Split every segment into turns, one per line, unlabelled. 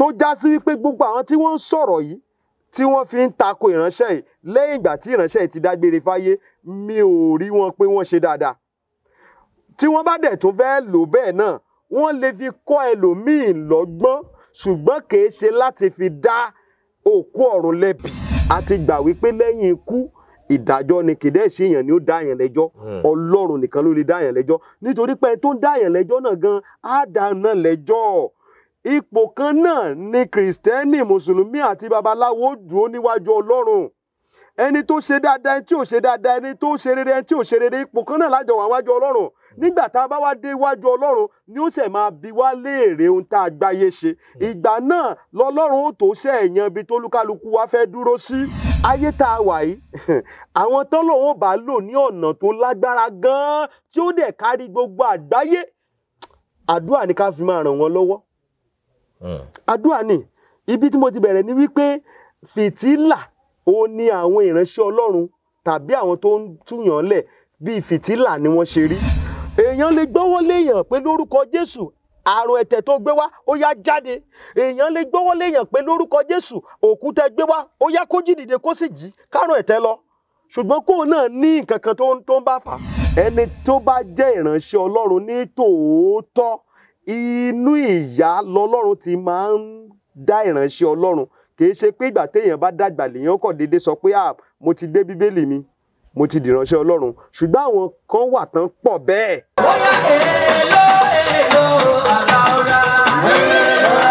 tó já sí wípé gbogbo àwọn tí wọ́n ń sọ̀rọ̀ yìí tí wọ́n fi ń tako ìránṣẹ́ yìí lẹ́yìn ìgbà tí ìránṣẹ́ yìí ti dágbére fáyé mi ò rí wọn pé wọ́n ṣe dáadáa tí wọ́n bá dẹ̀ tó fẹ́ẹ́ lò bẹ́ẹ̀ náà wọ́n lè fi kọ́ ẹlòmíì lọ́gbọ́n ṣùgbọ́n kìí ṣe láti fi dá òkú ọ̀run lẹ́bi a ti gbà wípé lẹ́yìn ikú ìdájọ́ ni kìdẹ́ ṣe èèyàn ni ó dá èèyàn lẹ́jọ́ hmm. ọlọ́run nìkan ló lè dá èèyàn lẹ́jọ́ nítorí pé ẹni tó ń dá èèyàn lẹ́jọ́ náà gan á dá náà lẹ́jọ́ ipò kan náà ni kìrìsìtẹ́nì mùsùlùmí àti babaláwo dúró níwájú ọlọ́run ẹni tó ṣe dáadáa ẹni tí ò ṣe dáadáa ẹni tó ṣe rere ẹni tí ò ṣe rere ipò kan náà lájọ wà wájú ọlọ́run nígbà tá a bá wá dé wájú ọlọ́run ni ó ṣe máa bi wá léèrè ohun tá a gbáyé ṣe ìgbà náà lọ́lọ́run ó tó ṣe ẹ̀yàn ibi tó wá fẹ́ dúró sí. ayé tá a wà yìí àwọn tọ́lọ́wọ́n bá lò ní ọ̀nà tó lágbára gan-an tí ó dẹ̀ kárí gbogbo àgbáyé àdúrà ni ká fi máa ràn wọ́n lọ́wọ́ àdúrà ni ibi tí mo ti bẹ̀rẹ̀ ni wípé fìtílà ó ní àwọn ìránṣẹ́ ọlọ́run tàbí àwọn tó ń túyàn lẹ̀ bíi fìtílà ni wọ́n ṣe rí èèyàn lè gbọ́wọ́ léèyàn pé lórúkọ Jésù àrùn ẹ̀tẹ̀ tó gbé wá ó yá jáde èèyàn lè gbọ́wọ́ léèyàn pé lórúkọ Jésù òkúta gbé wá ó yá kó jí dìde kó sì jí kárùn ẹ̀tẹ̀ lọ ṣùgbọ́n kóun náà ní nǹkan kan tó ń bá fà ẹni tó bá jẹ́ ìránṣẹ́ ọlọ́run ní tòótọ́ inú ìyá lọ́lọ́run ti máa ń dá ìránṣẹ́ ọlọ́run kìí ṣe pé ìgbà téèyàn bá dàgbà lèèyàn kàn déédé sọ pé ah mo ti dé bíbélì mi mo ti dìránṣẹ́ ọlọ́run ṣùgbọ́n àwọn kan wà tán pọ̀ bẹ́ẹ̀. bóyá èèlò èèlò àlàó èèlò.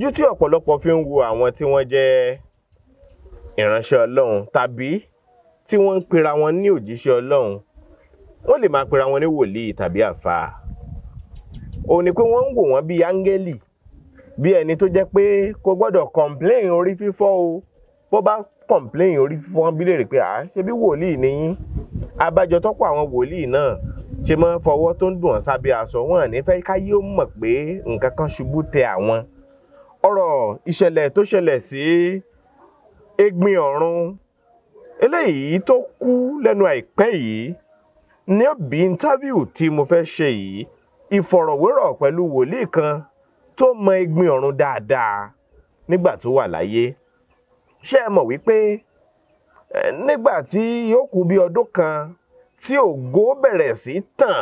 ojú tí ọ̀pọ̀lọpọ̀ fi ń wo àwọn tí wọ́n jẹ́ ìránṣẹ́ Ọlọ́run tàbí tí wọ́n ń pera wọn ní òjíṣẹ́ Ọlọ́run wọ́n lè máa pera wọn ní wòlíì tàbí àfáà òun ni pé wọ́n ń wò wọ́n bíi áńgẹ́lì bí ẹni tó jẹ́ pé kò gbọ́dọ̀ complain orí fífọ́ o bó bá complain orí fífọ́ wọn bí lè rí pé à ṣe bí wòlíì nìyín abájọ tọ́pọ̀ àwọn wòlíì náà ṣe máa ń fọwọ́ tó ń dùn ọ́n sábẹ́ aṣọ wọn nífẹ̀ẹ́ káyé ó mọ̀ pé nǹkan kan ṣubú tẹ àwọn ọ̀rọ̀ ìṣẹ̀lẹ̀ tó ṣẹlẹ̀ sí Egbin Ọ̀run eléyìí tó kú lẹ́nu àìpẹ́ yìí ní òbí interview tí mo fẹ́ ṣe yìí ìfọ̀rọ̀wérọ̀ pẹ̀lú wòlíì kan tó mọ Egbin Ọ̀run dáadáa nígbà tó wà láyé ṣé ẹ mọ̀ wípé nígbà tí yóò kú bí ọdún kan tí ògo bẹ̀rẹ̀ sí tàn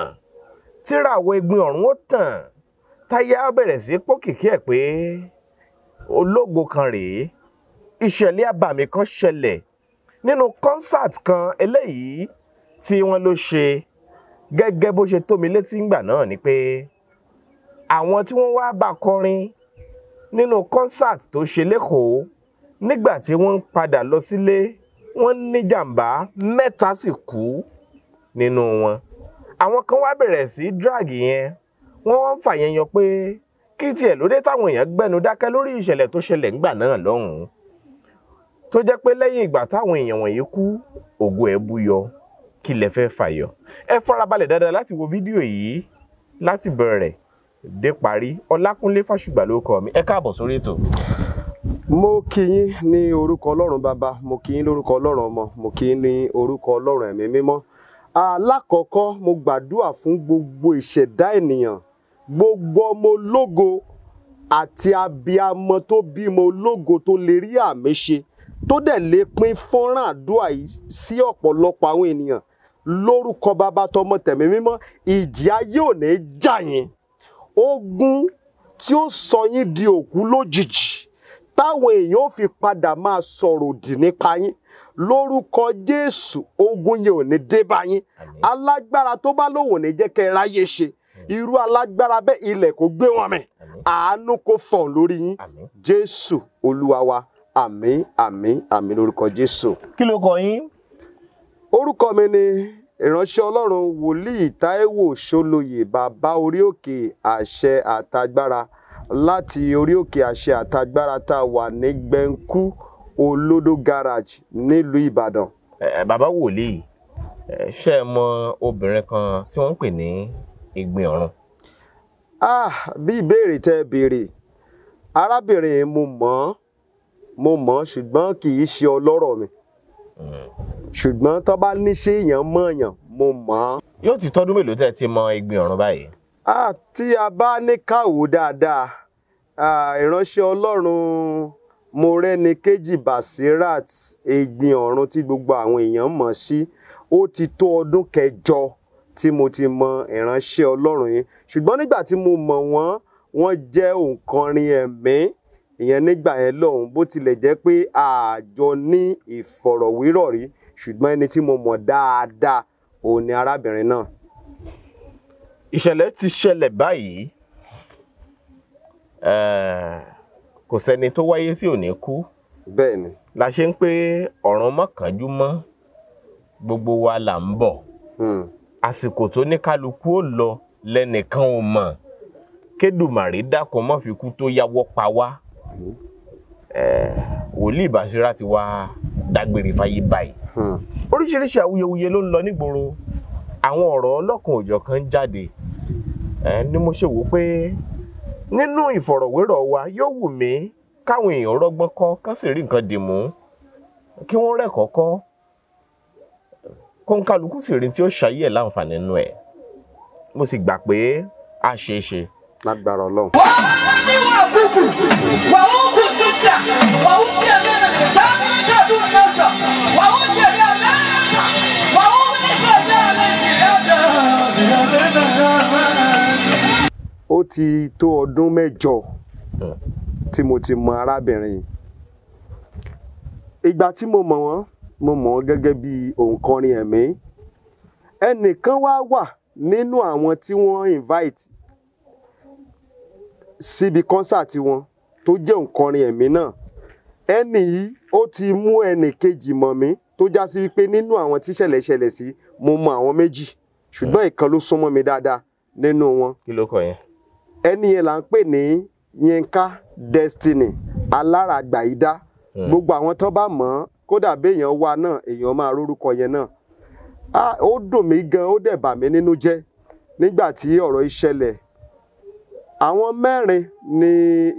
tíràwọ̀ Egbin Ọ̀run ó tàn táyà bẹ̀rẹ̀ sí pòkìkí ẹ̀ pé ológo kan rèé ìṣẹ̀lẹ̀ àbàmì kan ṣẹlẹ̀ nínú concert kan eléyìí tí wọ́n lọ ṣe gẹ́gẹ́ bó ṣe tó mi létí ńgbà náà ni pé àwọn tí wọ́n wá bá kọrin nínú concert tó ṣe lẹ́kọ̀ọ́ nígbà tí wọ́n ń padà lọ sílé wọ́n ní jàǹbá mẹ́ta sì kú nínú wọn àwọn kan wá bẹ̀rẹ̀ sí drag yẹn wọ́n wá ń fàyẹn pé kí tiẹ̀ ló dé táwọn èèyàn gbẹnu dákẹ́ lórí ìṣẹ̀lẹ̀ tó ṣẹlẹ̀ ńgbà náà lọ́hùn-ún tó jẹ́ pé lẹ́yìn ìgbà táwọn èèyàn wọ̀nyí kú ògo ẹ̀ búyọ kí lẹ fẹ́ fàyọ ẹ farabalẹ̀ dáadáa láti wo fídíò yìí láti bẹ̀rẹ̀ dé parí ọlákúnlé fásùgbà ló kọ mi ẹ káàbọ̀ sórí ètò.
mo kí yín ní orúkọ ọlọ́run bàbá mo kí yín lórúkọ ọlọ́run ọmọ mo kí yín ní orúkọ ọlọ́run ẹ̀mí mímọ́ alákọ̀ọ́kọ́ mo gbàdúrà fún gbogbo ìṣẹ̀dá ènìyàn gbogbo ọmọ ológo àti abiyamọ tó bímọ ológo tó lè rí àmì ṣe tó dẹ̀ lè pín fọ́nrán àdúrà yìí sí ọ̀pọ̀lọpọ̀ àwọn ènìyàn lórúkọ bàbá tọmọ tẹ̀mí mímọ́ ìjì ayé ò ní jà yín ogun tí ó sọ yín di òkú lójijì táwọn èèyàn ò fi padà máa sọ̀rọ̀ òdì nípa yín lórúkọ Jésù ogun yẹn ò ní dé bá yín alágbára tó bá lòun ò ní jẹ́ kẹ́ ẹ ráyè ṣe irú alágbára bẹ́ẹ̀ ilẹ̀ kò gbé wọn mì àánú kò fọ̀ lórí yín jésù olúwa wa àmín àmín àmín lórúkọ jésù. kí ló kọ yín. orúkọ mi ni ìránṣẹ́ ọlọ́run wòlíì táíwò ṣolóye bàbá orí òkè àṣẹ àtagbára láti orí òkè àṣẹ àtagbára tá a wà ní gbẹ̀ǹkú olódó garage nílùú ìbàdàn. bàbá wòlíì
ṣe é mọ obìnrin kan tí wọ́n ń pè ní
igbe ọ̀run. ah bí ìbéèrè tẹ béèrè arábìnrin mo mọ̀ ọ́ mo mọ̀ ọ́ ṣùgbọ́n kì í ṣe ọlọ́rọ̀ mi hmm. ṣùgbọ́n tó bá ní ṣe èèyàn mọ̀ èèyàn mo mọ̀ ọ́. yóò ti tọ́dún mélòó tẹ́ ti mọ igbe ọ̀run báyìí. ah tí a bá ní káwò dáadáa ah, ìránṣẹ́ ọlọ́run morẹ́ni kejì basirat egbin ọ̀run tí gbogbo àwọn èèyàn mọ̀ sí ó ti tó ọdún kẹjọ tí mo ti mọ ìránṣẹ́ Ọlọ́run yìí ṣùgbọ́n nígbà tí mo mọ̀ wọ́n wọ́n jẹ́ òǹkọrin ẹ̀mí ìyẹn nígbà yẹn lọ́hùn bó tilẹ̀ jẹ́ pé àjọ ní ìfọ̀rọ̀wérọ̀ rí ṣùgbọ́n ẹni tí mo mọ̀ dáadáa òun ni arábìnrin náà. ìṣẹ̀lẹ̀ ti ṣẹlẹ̀ báyìí
kò sẹ́ni tó wáyé tí ò ní kú. bẹ́ẹ̀ ni. la ṣe ń pé ọ̀ràn mọ́kànjú mọ́ gbogbo wa là ń bọ̀. Hmm àsìkò tó ní kálukú ó lọ lẹ́nìkan ò mọ̀ kédùmàrè dákun mọ́ fi kú tó yáwọ́ pa wá wòlíì ìbàṣírà ti wá dágbére fáyé báyìí hmm. oríṣiríṣi awuyewuye ló ń lọ nígboro àwọn ọ̀rọ̀ ọlọ́kan òjọ̀ kan jáde ni mo ṣe wò pé nínú ìfọ̀rọ̀wérọ̀ wa yóò wù mí káwọn èèyàn rọ́gbọ́n kọ́ kán sì rí nǹkan dì mú kí wọ́n rẹ̀ kọ́kọ́ kọ́ńkàlùkù sì rí tí ó ṣayé ẹ̀ láǹfààní nínú ẹ̀ mo sì gbà pé a ṣe é ṣe. lágbára ọlọ́run. wà á
ní wà kúkú wà ó kú dúkìá wà ó jẹ mẹ́rin sáà ní kẹ́dùn náà sọ wà ó jẹ mẹ́rin
wà ó ní kẹ́dùn náà sí ẹ̀dá. ó ti tó ọdún mẹ́jọ hmm. tí mo ti mọ arábìnrin ìgbà tí mo mọ̀ wọ́n mo mọ̀ ọ́ gẹ́gẹ́ bí òǹkọrin ẹ̀mí ẹnìkan wá wà nínú àwọn tí wọ́n invite síbi kọ́nsáàtì wọn tó jẹ́ òǹkọrin ẹ̀mí náà ẹnì yìí ó ti mú ẹnì kejì mọ̀ mí tó já sí wípé nínú àwọn tíṣẹ̀lẹ̀ ṣẹlẹ̀ sí mo mọ àwọn méjì ṣùgbọ́n ìkan ló súnmọ́ mi dáadáa nínú wọn. kí ló kọ yẹn. ẹni yẹn là ń pè ní Yínká Destiny aláràgbàyídá hmm. gbogbo àwọn tó bá mọ̀ ọ́ kódà béèyàn wa náà èèyàn máa rórúkọ yẹn náà ó dùn mí gan ó dẹ̀ bà mí nínú jẹ́ nígbà tí ọ̀rọ̀ ìṣẹ̀lẹ̀ àwọn mẹ́rin ni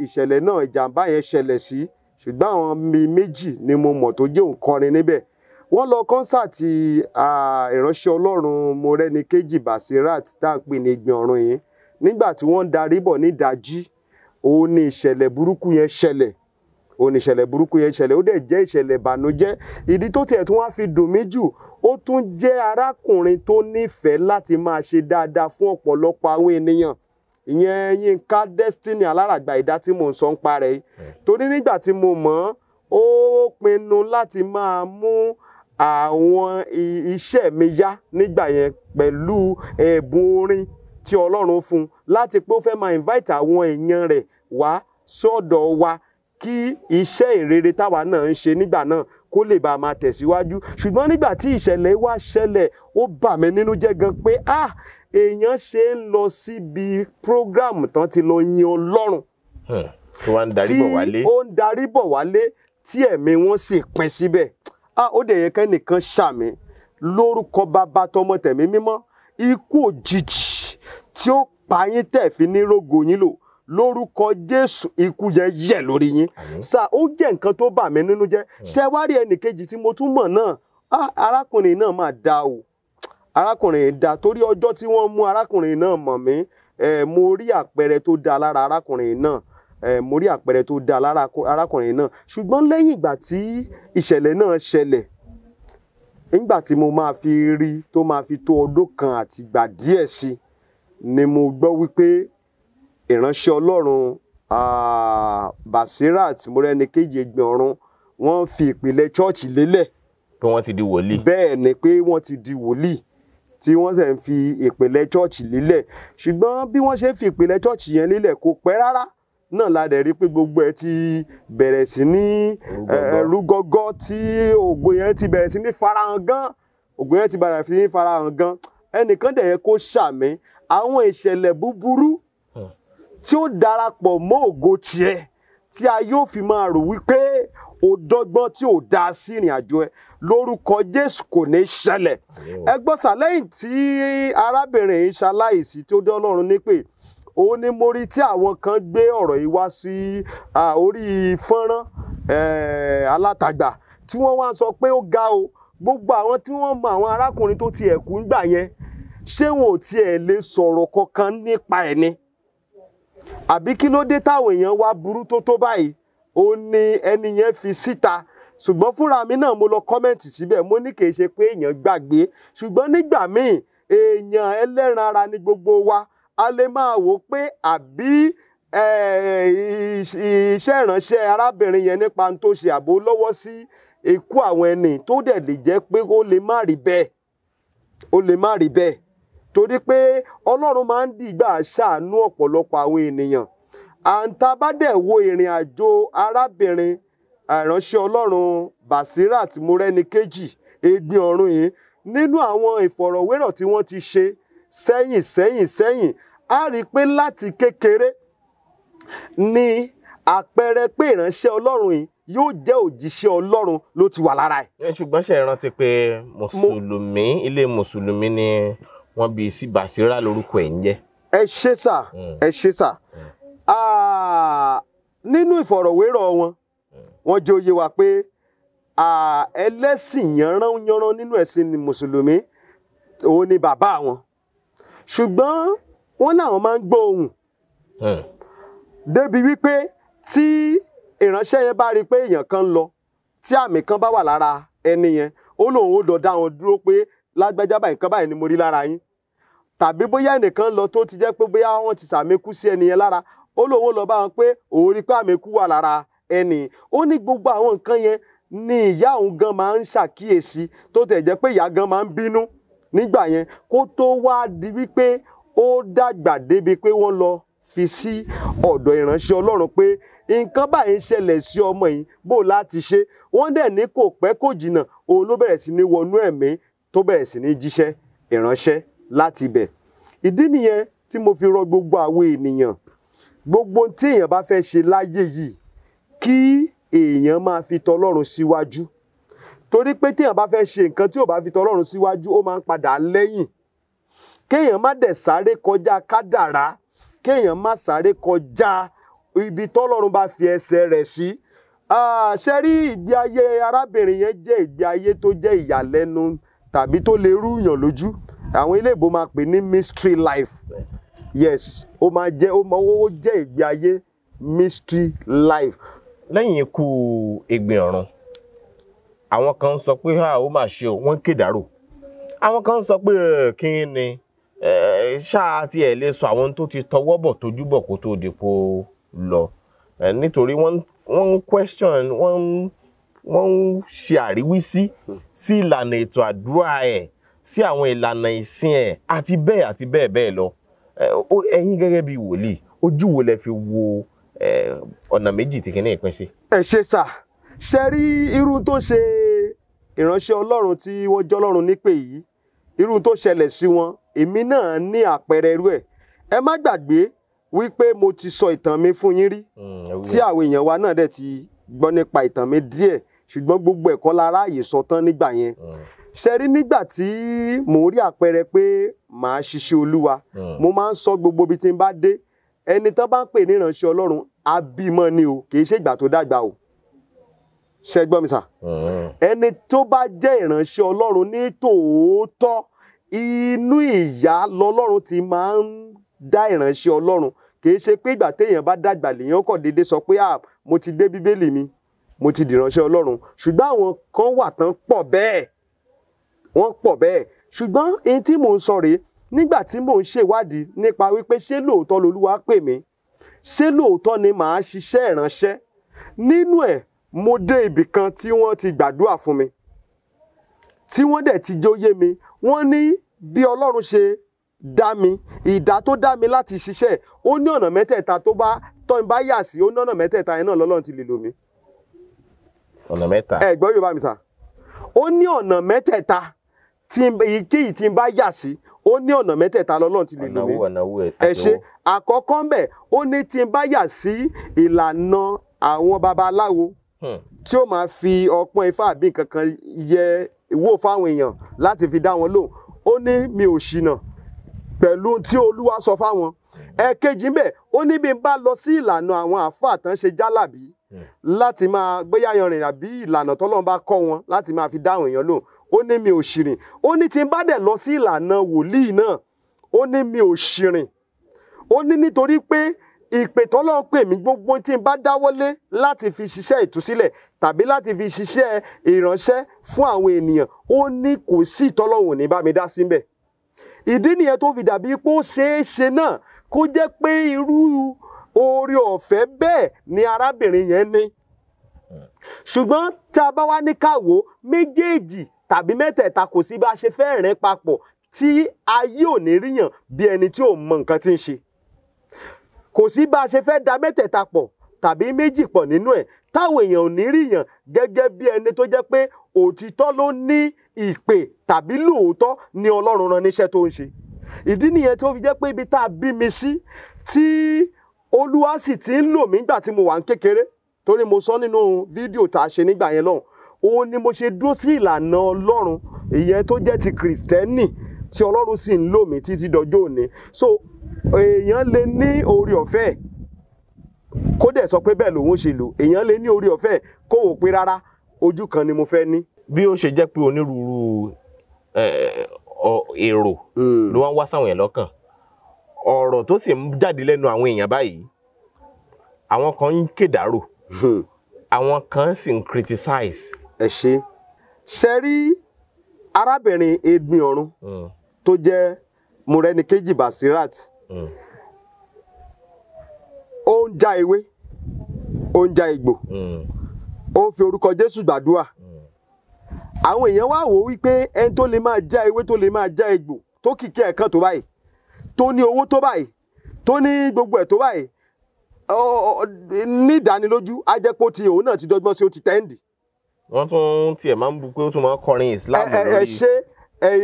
ìṣẹ̀lẹ̀ náà ìjàmbá yẹn ṣẹlẹ̀ sí ṣùgbọ́n àwọn mi méjì ni mo mọ̀ tó jẹ́ òǹkọrin níbẹ̀ wọ́n lọ kọ́nsáàtì ìránṣẹ́ ọlọ́run Mọ́rẹ́nikejì Basirat tá à ń pè ní Ìgbìn Ọ̀run yìí nígbà tí wọ́n ń darí bọ̀ ní ìdájí òun ni ìṣẹ̀lẹ̀ burúkú yẹn ṣẹlẹ̀ òun ìṣẹ̀lẹ̀ burúkú yẹn ṣẹlẹ̀ ó dẹ̀ jẹ́ ìṣẹ̀lẹ̀ ìbànújẹ́ ìdí tó tiẹ̀ tún wá fi dùn mí jù ó tún jẹ́ arákùnrin tó nífẹ̀ẹ́ láti máa ṣe dáadáa fún ọ̀pọ̀lọpọ̀ àwọn ènìyàn ìyẹn Yínká Destiny Aláràgbà ìdá tí mò ń sọ ń parẹ́ yìí torí nígbà tí mo mọ̀ ó pinnu láti máa mú àwọn iṣẹ́ mi yá nígbà yẹn pẹ̀lú ẹ̀bùn orin tí Ọlọ́run fún láti pé ó fẹ́ máa invite àwọn èèyàn rẹ̀ wá sọ́dọ̀ wa. So kí iṣẹ́ ìrere táwa náà ń ṣe nígbà náà kó lè bá a máa tẹ̀síwájú ṣùgbọ́n nígbà tí ìṣẹ̀lẹ̀ wá ṣẹlẹ̀ ó bà mí nínú jẹ́ gan pé ah èèyàn ṣe ń lọ síbi program tán ti lọ yin Ọlọ́run tí ó ń darí bọ̀ wálé tí ẹ̀mí wọn sì pin síbẹ̀ ah ó dẹ̀ yẹ kẹ́nìkan ṣàmì lórúkọ bàbá tọmọ tẹ̀mí mímọ́ ikú òjijì tí ó pa yín tẹ̀ fi ní rògo yín lò lórúkọ jésù ikú yẹn yẹ lórí yín sá ó jẹ nǹkan tó bà mí nínú jẹ́ hmm. ṣe wá rí ẹnìkejì tí mo tún mọ̀ náà ah, arákùnrin náà máa da o arákùnrin da torí ọjọ́ tí wọ́n mú arákùnrin náà mọ̀ mí mo rí àpẹẹrẹ tó da lára arákùnrin náà mo rí àpẹẹrẹ tó da lára arákùnrin náà ṣùgbọ́n lẹ́yìn ìgbà tí ìṣẹ̀lẹ̀ náà ṣẹlẹ̀ nígbà tí mo máa fi rí tó máa fi tó ọdún kan àtìgbà díẹ̀ sí ni mo gbọ́ wípé ìránṣẹ́ ọlọ́run Basirat Mọ́rẹ́níkejì Ẹgbìnọ̀run wọ́n fi ìpìlẹ̀ chọ́ọ̀chì lélẹ̀. pé wọ́n ti di wòlíì. bẹ́ẹ̀ ni pé wọ́n ti di wòlíì tí wọ́n sì ń fi ìpìlẹ̀ chọ́ọ̀chì lélẹ̀ ṣùgbọ́n bí wọ́n ṣe ń fi ìpìlẹ̀ chọ́ọ̀chì yẹn lélẹ̀ kò pẹ́ rárá náà la dẹ̀ rí pé gbogbo ẹ ti bẹ̀rẹ̀ sí ní rúgọ́gọ́ tí ògbó yẹn ti bẹ̀rẹ̀ sí ní farahàn gan ògbó yẹn ti bẹ̀rẹ̀ sí ní farahàn gan ẹnìkan dẹ̀ yẹ kó ṣàmì àwọn ìṣẹ̀lẹ̀ búburú tí ó darapọ̀ mọ́ ògo tiẹ̀ tí a yóò fi máa rò wípé o dọ́gbọ́n tí ò dá sí ìrìn àjò ẹ lórúkọ Jésù kò ní ṣẹlẹ̀ ẹ gbọ́ sà lẹ́yìn tí arábìnrin yìí ṣaláìsí tó dé Ọlọ́run ní pé òun ni mo rí tí àwọn kan gbé ọ̀rọ̀ yìí wá sí orí fọ́nrán alátagbà tí wọ́n wá sọ pé ó ga o gbogbo àwọn tí wọ́n mọ àwọn arákùnrin tó ti ẹ̀kú ń gbà yẹn ṣé wọn ò tiẹ̀ lè sọ̀rọ̀ kankan nípa ẹ̀ ni àbí kí ló dé táwọn èèyàn wá burú tó tó báyìí ó ní ẹni yẹn fi síta ṣùgbọ́n fúnra mi náà mo lọ kọ́mẹ̀ntì síbẹ̀ mo ní kìí ṣe pé èèyàn gbàgbé ṣùgbọ́n nígbà míì èèyàn ẹlẹ́ran ara ni gbogbo wa a lè máa wò pé àbí iṣẹ́ ìránṣẹ́ arábìnrin yẹn nípa tó ṣe àbò lọ́wọ́ sí ikú àwọn ẹni tó dẹ̀ lè jẹ́ pé ó lè má rí bẹ́ẹ̀ ó lè má rí bẹ́ẹ̀ torí pé ọlọ́run máa ń dìgbà ṣàánú ọ̀pọ̀lọpọ̀ àwọn ènìyàn àǹtabádẹ̀ wo ìrìn àjò arábìnrin àìránṣẹ́ ọlọ́run Basira tí mo rẹ́ni kejì egbin ọ̀run yìí nínú àwọn ìfọ̀rọ̀wérọ̀ tí wọ́n ti ṣe sẹ́yìn sẹ́yìn sẹ́yìn a rí i pé láti kékeré ni àpẹẹrẹ pé ìránṣẹ́ ọlọ́run yìí yóò jẹ́ òjíṣẹ́ ọlọ́run ló ti wà lára
ẹ̀. ṣùgbọ́n ṣe é rántí pé mùsùlùmí ilé mùsùlùmí ni wọ́n bí sí Bàṣírà lórúkọ ẹ̀
ń jẹ́. ẹ ṣe sà hmm. ẹ ṣe sà hmm. ah, nínú ìfọ̀rọ̀wérọ̀ wọn hmm. wọ́n jẹ́ oyé wa pé ah, ẹlẹ́sìn yanranyanran nínú ẹ̀sìn mùsùlùmí òun ni bàbá wọn ṣùgbọ́n wọ́n láwọn máa ń gbọ́ ohùn débi wípé tí ìránṣẹ́ yẹn bá rí i pé èèyàn kan lọ tí àmì kan bá wà lára ẹni yẹn ó lóun ó lọ dá wọn dúró pé lágbájá báyìí nǹkan báyìí ni mo rí lára yín tàbí bóyá ẹnìkan lọ tó ti jẹ́ pé bóyá wọ́n ti sàmẹ́kú sí ẹni yẹn lára ó lóun lọ bá wọn pé òun rí pé àmẹ́kú wà lára ẹni ó ní gbogbo àwọn nǹkan yẹn ni ìyá òun gan máa ń ṣàkíyèsí tó tẹ̀ jẹ́ pé ìyá gan máa ń bínú nígbà yẹn kó tó wá di wípé ó dàgbà débi pé wọ́n lọ fi sí ọ̀dọ̀ ìránṣẹ́ Ọlọ́run pé nǹkan báyìí ń ṣẹlẹ̀ sí ọmọ yìí bó láti ṣe wọ́n dẹ̀ ní kò pẹ́ kò jìnnà òun ló bẹ̀rẹ̀ sí ní wọnú ẹ̀mí tó bẹ̀rẹ̀ sí ní jíṣẹ́ ìránṣẹ́ láti ibẹ̀ ìdí nìyẹn tí mo fi rọ gbogbo àwọn ènìyàn gbogbo tí èèyàn bá fẹ́ ṣe láyé yìí kí èèyàn máa fi tọlọ́run síwájú torí pé téèyàn bá fẹ́ ṣe nǹkan tí ò bá fi tọlọ́run síwájú ó máa ń padà lẹ́yìn kéèyàn má dẹ̀ sáré kọjá kádàrá kéèyàn má sáré kọjá ibi tọlọ́run bá fi ẹsẹ̀ rẹ̀ sí ah, ṣe rí ìgbé ayé arábìnrin yẹn jẹ́ ìgbé ayé tó jẹ́ ìyàlẹ́nu tàbí tó lè rúyàn lójú àwọn iléèbó máa pè ní mystery life yes ó máa jẹ́ ó jẹ́ ìgbé ayé mystery life. lẹ́yìn ikú Egbin Ọ̀run
àwọn kan sọ pé ó mà ṣe o wọ́n kédàrò àwọn kan sọ pé eh, kí ni eh, ṣáà tí ẹ lè sọ àwọn tó ti tọwọ́ bọ̀ tójú bọ̀ kó tó dìpọ̀ lọ eh, nítorí wọ́n ń question wọ́n ń wọ́n ń ṣe àríwísí sí ìlànà ètò àdúrà ẹ̀ sí àwọn ìlànà ìsìn ẹ̀ àti bẹ́ẹ̀ àti bẹ́ẹ̀ bẹ́ẹ̀ lọ ẹ̀yin gẹ́gẹ́ bí wòlíì ojú wo lẹ fi wo ọ̀nà méjì tí kìíní ìpín sí. ẹ
ṣe sà ṣe rí irú tó ṣe ìránṣẹ́ ọlọ́run tí wọ́n jọ́ ọlọ́run nípè yìí irú tó ṣẹlẹ̀ sí wọn èmi náà ní àpẹẹrẹ irú ẹ̀ ẹ má gbàgbé wípé mo ti sọ ìtàn mi fún yín rí hmm, tí àwọn èèyàn wa náà dẹ̀ ti gbọ́ nípa ìtàn mi díẹ̀ ṣùgbọ́n gbogbo ẹ̀kọ́ lára àyè sọ tán nígbà yẹn ṣe rí nígbà tí mò ń rí àpẹẹrẹ pé màá ṣiṣẹ́ olúwa mo máa ń sọ gbogbo ibi tí n bá dé ẹni tán bá ń pè níránṣẹ́ ọlọ́run abímọ ni o kì í ṣe ìgbà tó dàgbà o ṣe gbọ́ mi sà ẹni tó bá jẹ́ ìránṣẹ́ ọlọ́run ní tòótọ́ inú ìyá lọ́lọ́run ti máa ń dá ìránṣẹ́ ọlọ́run kì í ṣe pé ìgbà téèyàn bá dàgbà lèèyàn kọ̀ déédéé sọ pé ah mo ti gbé bíbélì mi mo ti dìránṣẹ́ Ọlọ́run ṣùgbọ́n àwọn kan wà tán pọ̀ bẹ́ẹ̀ wọ́n pọ̀ bẹ́ẹ̀ ṣùgbọ́n èyí tí mò ń sọ rèé nígbà tí mò ń ṣèwádìí nípa wípé ṣé lóòótọ́ lolúwa pè mí ṣé lóòótọ́ ni màá ṣiṣẹ́ ìránṣẹ́ nínú ẹ̀ mo dé ibì kan tí wọ́n ti gbàdúrà fún mi tí wọ́n dẹ̀ ti jó mi wọ́n ní bí Ọlọ́run ṣe dá mi ìdá tó dá mi láti ṣiṣẹ́ ó ní ọ̀nà mẹ́tẹ̀ẹ̀ta tó bá tọ́ ń bá yà sí ó ní ọ̀nà mẹ́tẹ̀ẹ̀ta yẹn náà lọ́lọ́run ti lè lò mí ọ̀nà mẹ́ta. ẹ gbọ́ yorùbá mi sà ó ní ọ̀nà mẹ́tẹ̀ẹ̀ta tí ìkéyìí tí ń bá yà sí ó ní ọ̀nà mẹ́tẹ̀ẹ̀ta lọ́lọ́run ti lè lò mí ẹ ṣe àkọ́kọ́ ń bẹ̀ ó ní tí ń bá yà sí ìlànà àwọn babaláwo hmm. tí ó máa fi ọpọ́n ifá àbí nǹkan kan yẹ wò fáwọn èèyàn láti fi dá wọn lóhùn ó ní mi ò ṣìnà pẹ̀lú tí olúwa sọ fáwọn ẹ̀ẹ̀kejì ń bẹ̀ ó ní bí n bá lọ sí ìlànà àwọn àáfàá tán ṣe jálàbí Hmm. láti máa gbéyà yanrìn àbí ìlànà tọ́lọ́run bá kọ́ wọn láti máa fi dáhùn èèyàn lóhùn ó ní mi ò ṣìrìn ó ní tí n bá dẹ̀ lọ sí ìlànà wòlíì náà ó ní mi ò ṣìrìn ó ní nítorí pé ìpè tọ́lọ́run pè mí gbogbo tí n bá dáwọ́lé láti fi ṣiṣẹ́ ìtúsílẹ̀ tàbí láti fi ṣiṣẹ́ ìránṣẹ́ fún àwọn ènìyàn ó ní kò sí ìtọ́lọ́run ò ní bá mi dá síbẹ̀ ìdí nìyẹn tó fi dàbí pé ó ṣeé ṣe náà kó jẹ́ pé irú oore ọ̀fẹ́ bẹ́ẹ̀ ni arábìnrin yẹn ní ṣùgbọ́n tá a bá wá ní káwo méjèèjì tàbí mẹ́tẹ̀ẹ̀ta kò sí bá a ṣe fẹ́ rìn papọ̀ tí ayé ò ní ríyàn bí ẹni tí ò mọ nǹkan tí ń ṣe kò sí bá a ṣe fẹ́ da mẹ́tẹ̀ẹ̀ta pọ̀ tàbí méjì pọ̀ nínú ẹ̀ táwọn èèyàn ò ní ríyàn gẹ́gẹ́ bí ẹni tó jẹ́ pé òtítọ́ ló ní ìpè tàbí lóòótọ́ ni Ọlọ́run rán níṣẹ́ tó ń ṣe ìdí nìyẹn tó fi jẹ́ pé ibi tá a bí mi sí tí. Si, olúwa sì ti ń lò mí nígbà tí mo wà ń kékeré torí mo sọ nínú fídíò tá a ṣe nígbà yẹn lọ́hùn òun ni mo ṣe dúró sí ìlànà ọlọ́run ìyẹn tó jẹ́ ti kìrìsìtẹ́nì tí ọlọ́run sì ń lò mí títí dọjọ́ òní so èèyàn lè ní oore ọ̀fẹ́ kó dẹ̀ sọ pé bẹ́ẹ̀ lòun ṣe lò èèyàn lè ní oore ọ̀fẹ́ kó wò pé rárá ojú kan ni mo fẹ́ ní. bí ó ṣe jẹ́ pé onírúurú
èrò hmm. ló wá ń wá sáwọn yẹn lọ́kàn ọ̀rọ̀ tó sì ń jáde lẹ́nu àwọn èèyàn báyìí àwọn kan ń kèdàrò
hmm. àwọn kan sì ń criticize. ẹ ṣe ṣe rí arábìnrin edwin ọrún hmm. tó jẹ́ Mọ́rẹ́níkejì Basirat hmm. ó ń já ewé ó ń já egbò ó ń fi orúkọ Jésù gbàdúrà àwọn èèyàn wá wò ó wípé ẹni tó lè máa já ewé tó lè máa já egbò tó kìkì ẹ̀kan tó báyìí tó ní owó tó báyìí tó ní gbogbo ẹ̀ tó báyìí ní ìdánilójú á jẹ́ pé ó ti òun náà ti dọ́gbọ́n sí ó ti tẹ́ǹdì.
wọ́n tún tiẹ̀ máa ń bu pé ó tún máa ń kọrin Islam lórí. ẹ
ṣe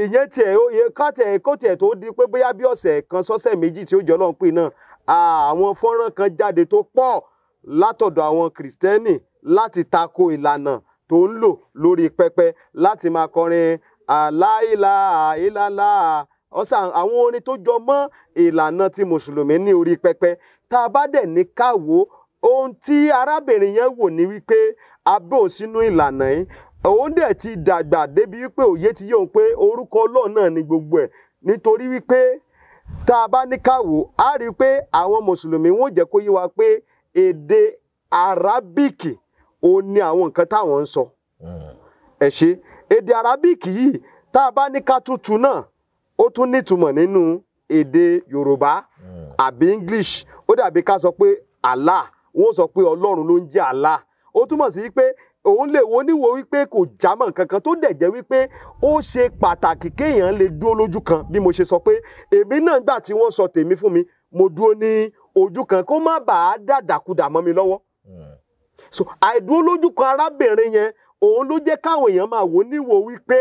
ìyẹn tiẹ̀ oyè ká tiẹ̀ kó tiẹ̀ tó di pé bóyá bí ọ̀sẹ̀ kan sọ́sẹ̀ méjì tí ó jọ lọ́n pè náà àwọn fọ́nrán kan jáde tó pọ̀ látọ̀dọ̀ àwọn kìrìsìtẹ́nì láti tako ìlànà tó ń lò lórí pẹpẹ láti máa kọrin aláìláà ìlàláà ọ̀sà àwọn orin tó jọ mọ́ ìlànà ti mùsùlùmí ní orí pẹpẹ tá a bá dẹ̀ ní káwo ohun tí arábìnrin yẹn wò ní wípé abẹ́ òun sínú ìlànà yìí òun dẹ̀ ti dàgbà débi wípé òye ti yé pé orúkọ ọlọ́run náà ni gbogbo ẹ̀ nítorí wípé tá a bá ní káwo á rí i pé àwọn mùsùlùmí wọn ò kó yé wa pé èdè arábíkì òun ni àwọn nǹkan táwọn ń sọ hmm. ẹ ṣe èdè arábíkì yìí tá a bá ní ká tutù náà ó tún nítumọ̀ nínú èdè yorùbá hmm. àbí english ó dàbí ká sọ pé allah wọ́n sọ pé ọlọ́run ló ń jẹ́ allah ó túmọ̀ sí pé òun lè wo níwò wípé kò jámọ́ kankan tó dẹ̀ jẹ́ wípé ó ṣe pàtàkì kéèyàn lè dúró lójú kan bí mo ṣe sọ pé èmi náà gbà tí wọ́n sọ tèmi fún mi mo dúró ní ojú kan kó má bàa dàdàkudà mọ́ mi lọ́wọ́ hmm. so àìdúró lójú kan arábìnrin yẹn òun ló jẹ́ káwọn èèyàn máa wò níwò wípé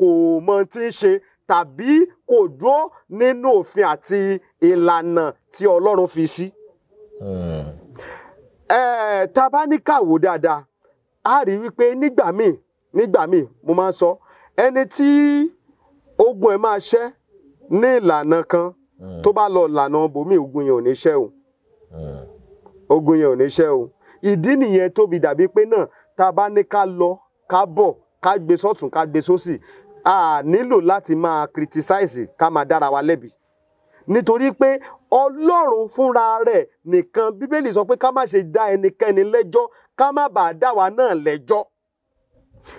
kò mọ tí ń ṣe tàbí kò dúró nínú òfin àti ìlànà tí Ọlọ́run fi sí. Hmm. tá a bá ní káwò dáadáa a rí wípé nígbà míì nígbà míì mo máa ń sọ ẹni tí ogun ẹ̀ máa ṣẹ́ ní ìlànà kan hmm. tó bá lọ ìlànà bòmí ogun yẹn ò ní ṣẹ́ o hmm. ogun yẹn ò ní ṣẹ́ o ìdí nìyẹn tó dàbí pé náà tá bá ní ká lọ ká bọ̀ ká gbé sọ́tún ká gbé sósì a nílò láti máa criticize ká máa dára wa lẹ́bi nítorí pé ọlọ́run fúnra rẹ̀ nìkan bíbélì sọ pé ká má ṣe dá ẹnikẹ́ni lẹ́jọ́ ká má bàa dá wa náà lẹ́jọ́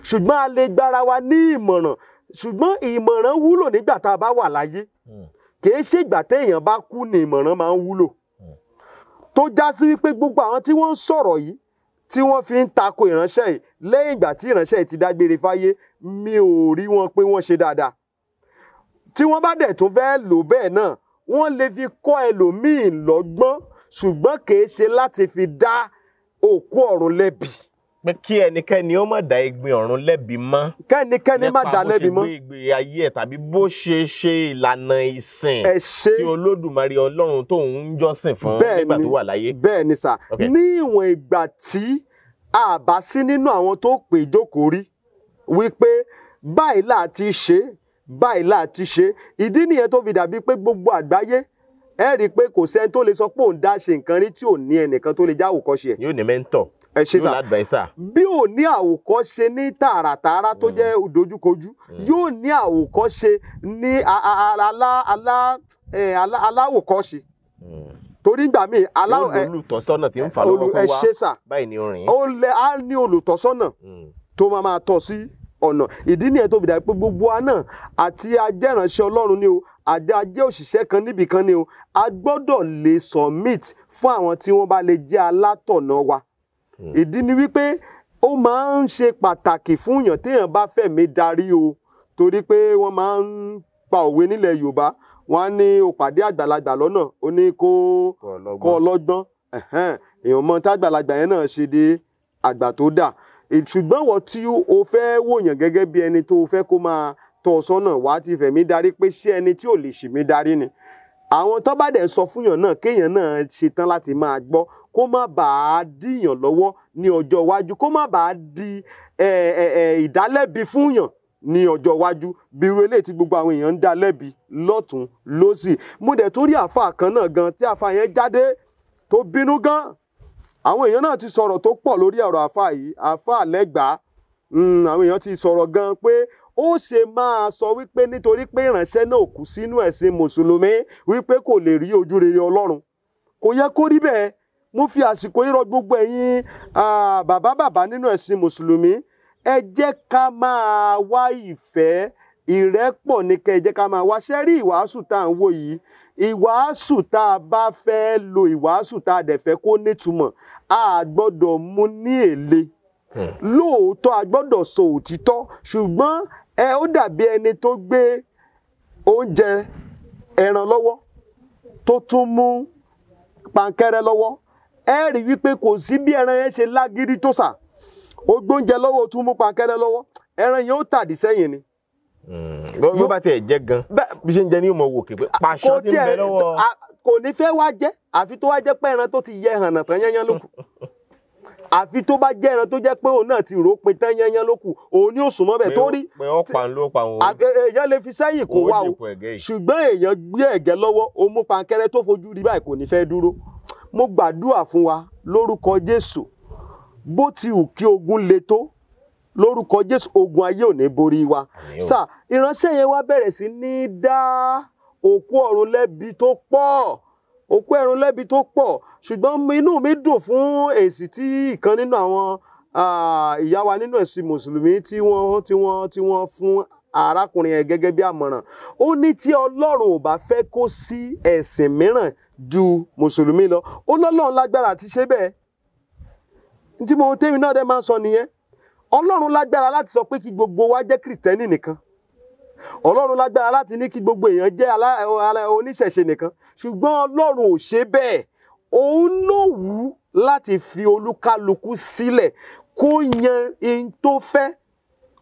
ṣùgbọ́n a lè gbára wa ní ìmọ̀ràn ṣùgbọ́n ìmọ̀ràn wúlò nígbà tá a bá wà láyé hmm. kìí ṣe ìgbà téèyàn bá kú ni ìmọ̀ràn máa ń wúlò hmm. tó já sí wípé gbogbo àwọn tí wọ́n ń sọ̀rọ̀ yìí tí wọ́n fi ń tako ìránṣẹ́ yìí lẹ́yìn ìgbà tí ìránṣẹ́ yìí ti dágbére fáyé mi ò rí wọn pé wọ́n ṣe dáadáa tí wọ́n bá dẹ̀ tó fẹ́ lò bẹ́ẹ̀ náà wọ́n lè fi kọ́ ẹlòmíì lọ́gbọ́n ṣùgbọ́n kì í ṣe láti fi dá òkú ọ̀run lẹ́bi pé kí ẹnikẹ́ni ó má dá ẹ̀gbin
ọ̀run lẹ́bi mọ́.
kẹ́nikẹ́ni má dá
lẹ́bi mọ́. nípa bó ṣe gbé ìgbé ayé ẹ̀ tàbí bó ṣe ṣe ìlànà ìsìn. ẹ ṣe sí olódùmarè ọlọ́run tó ń jọ́sìn fún nígbà
tó wà láyé. bẹ́ẹ̀ ni sà ní ìwọ̀n ìgbà tí a bá sí nínú àwọn tó pè jókòó rí wípé báyìí láti ṣe báyìí láti ṣe ìdí nìyẹn tó fi dàbí pé gbogbo àgbáyé ẹ rí i pé kò sẹ́ni tó lè sọ pé òun dá ṣe nǹkan rí tí ò ní ẹnìkan tó lè jáwòkọ́ṣe ẹ̀. yóò ní mẹ́ńtọ̀ ẹ ṣe sà bí ò ní àwòkọ́ṣe ní tààràtààrà tó mm. jẹ́ dojúkojú mm. yóò ní àwòkọ́ṣe ní aláwòkọ́ṣe mm. torí gbà míì olùtọ́sọ́nà
tí ń fa lọ́wọ́ kó wá báyìí ni orin.
ó lẹ á ní olùtọ́sọ́nà tó máa máa tọ́ sí ọ̀nà ìdí nìyẹn tó fi dà pé gbogbo wa náà àti ajẹ́ránṣẹ́ Ọlọ́run ni o àti ajẹ́ òṣìṣẹ́ kan níbì kan ni o a gbọ́dọ̀ lè submit fún àwọn tí wọ́n bá lè jẹ́ alátọ̀nà wa. Hmm. ìdí ni wípé ó máa ń ṣe pàtàkì fún èèyàn téèyàn bá fẹ̀mí darí o torí pé wọ́n máa ń pa òwe nílẹ̀ Yorùbá wọ́n á ní o pàdé àgbàlagbà lọ́nà ó ní kó kọ́ ọlọ́gbọ́n èèyàn mọ tá àgbàlagbà yẹn náà ṣe dé àgbà tó dà ṣùgbọ́n wọ́n tí o fẹ́ wòyàn gẹ́gẹ́ bí ẹni tó o fẹ́ kó máa tọ́ ọ sọ́nà wàá ti fẹ̀mí darí pé ṣé ẹni tí ò lè ṣì mí darí ni àwọn tó bá dẹ̀ sọ fúnyàn náà kéèyàn náà ṣetán láti máa gbọ́ kó má bàa dìyàn lọ́wọ́ ní ọjọ́ iwájú kó má bàa di ìdálẹ́bi fúnyàn ní ọjọ́ iwájú bí irú eléyìí tí gbogbo àwọn èèyàn ń dá lẹ́bi lọ́tún lọ́sì mo dẹ̀ torí àáfàá kan náà gan tí àáfàá yẹn jáde tó bínú gan àwọn èèyàn náà ti sọ̀rọ̀ tó pọ̀ lórí ọ̀rọ̀ àáfàá yìí àáfàá lẹ́gbàá hmm, àwọn èèyàn ti sọ̀rọ̀ gan pé ó ṣe máa sọ wípé nítorí pé ìránṣẹ́ náà kú sínú ẹ̀sìn mùsùlùmí wípé kò lè rí ojú rere ọlọ́run kò yẹ kó rí bẹ́ẹ̀ mo fi àsìkò yìí rọ̀ gbogbo ẹ̀yin bàbá bàbá nínú ẹ̀sìn mùsùlùmí ẹ jẹ́ ká máa wá ìfẹ́ ìrẹ́pọ̀ ní kẹ́ ẹ jẹ́ ká máa wá ṣe rí ìwàásù tá à ń wò yìí ìwàásù tá a bá fẹ́ lo ìwàásù tá a dẹ̀ fẹ́ kó nítumọ̀ a gbọ́dọ̀ mú ní èlé hmm. lóòótọ́ a gbọ́dọ̀ sọ òtítọ́ ṣùgbọ́n ẹ ó dàbí ẹni tó gbé oúnjẹ ẹran lọ́wọ́ tó tún mú pankẹ́rẹ́ lọ́wọ́ ẹ rí i wípé kò sí bí ẹran yẹn ṣe lágídí tó sà ó gbóúnjẹ lọ́wọ́ ó tún mú pankẹ́lẹ́ lọ́wọ́ ẹran yẹn ó tàdí sẹ́yìn ni. yóò hmm. bá tiẹ̀ jẹ́ gan bí ṣe ń jẹ ní ìmọ̀ wò kí pé pàṣọ ti ń bẹ lọ́wọ́. kò ní fẹ́ wá jẹ́ àfi tó wá jẹ́ pé ẹran tó ti yẹ hànà tán yányán lókù àfi tó bá jẹ́ ẹran tó jẹ́ pé òun náà ti rò ó tán yányán lókù òun ní òsùn mọ́bẹ̀ tó rí
èèyàn
lè fi sẹ́yìn kó wá o ṣùgbọ́n èèyàn gbé ẹ̀gẹ́ lọ́wọ́ mo gbàdúrà fún wa lórúkọ Jésù bó ti hù kí ogun le tó lórúkọ Jésù ogun ayé ò ní borí wa sà ìránṣẹ́ yẹn wá bẹ̀rẹ̀ sí ní dá òkú ọ̀run lẹ́bi tó pọ̀ òkú ẹ̀rùn lẹ́bi tó pọ̀ ṣùgbọ́n inú mi dùn fún èsì tí ìkan nínú àwọn ìyá wa nínú ẹ̀sìn mùsùlùmí tí wọ́n tí wọ́n tí wọ́n fún arákùnrin yẹn gẹ́gẹ́ bí àmọ̀ràn ó ní tí ọlọ́run ò bá fẹ́ kó sí ẹ̀sìn mìíràn ju mùsùlùmí lọ ó lọ́lọ́run lágbára àti ṣe bẹ́ẹ̀ tí mo tẹ́mi náà dẹ́ máa ń sọ nìyẹn ọlọ́run lágbára láti sọ pé kí gbogbo wa jẹ́ kìrìtẹ́nì nìkan ọlọ́run lágbára láti ní kí gbogbo èèyàn jẹ́ oníṣẹ̀ṣe nìkan ṣùgbọ́n ọlọ́run ò ṣe bẹ́ẹ̀ òun ló wù ú láti fi olúkálukú sílẹ̀ kó yan in tó fẹ́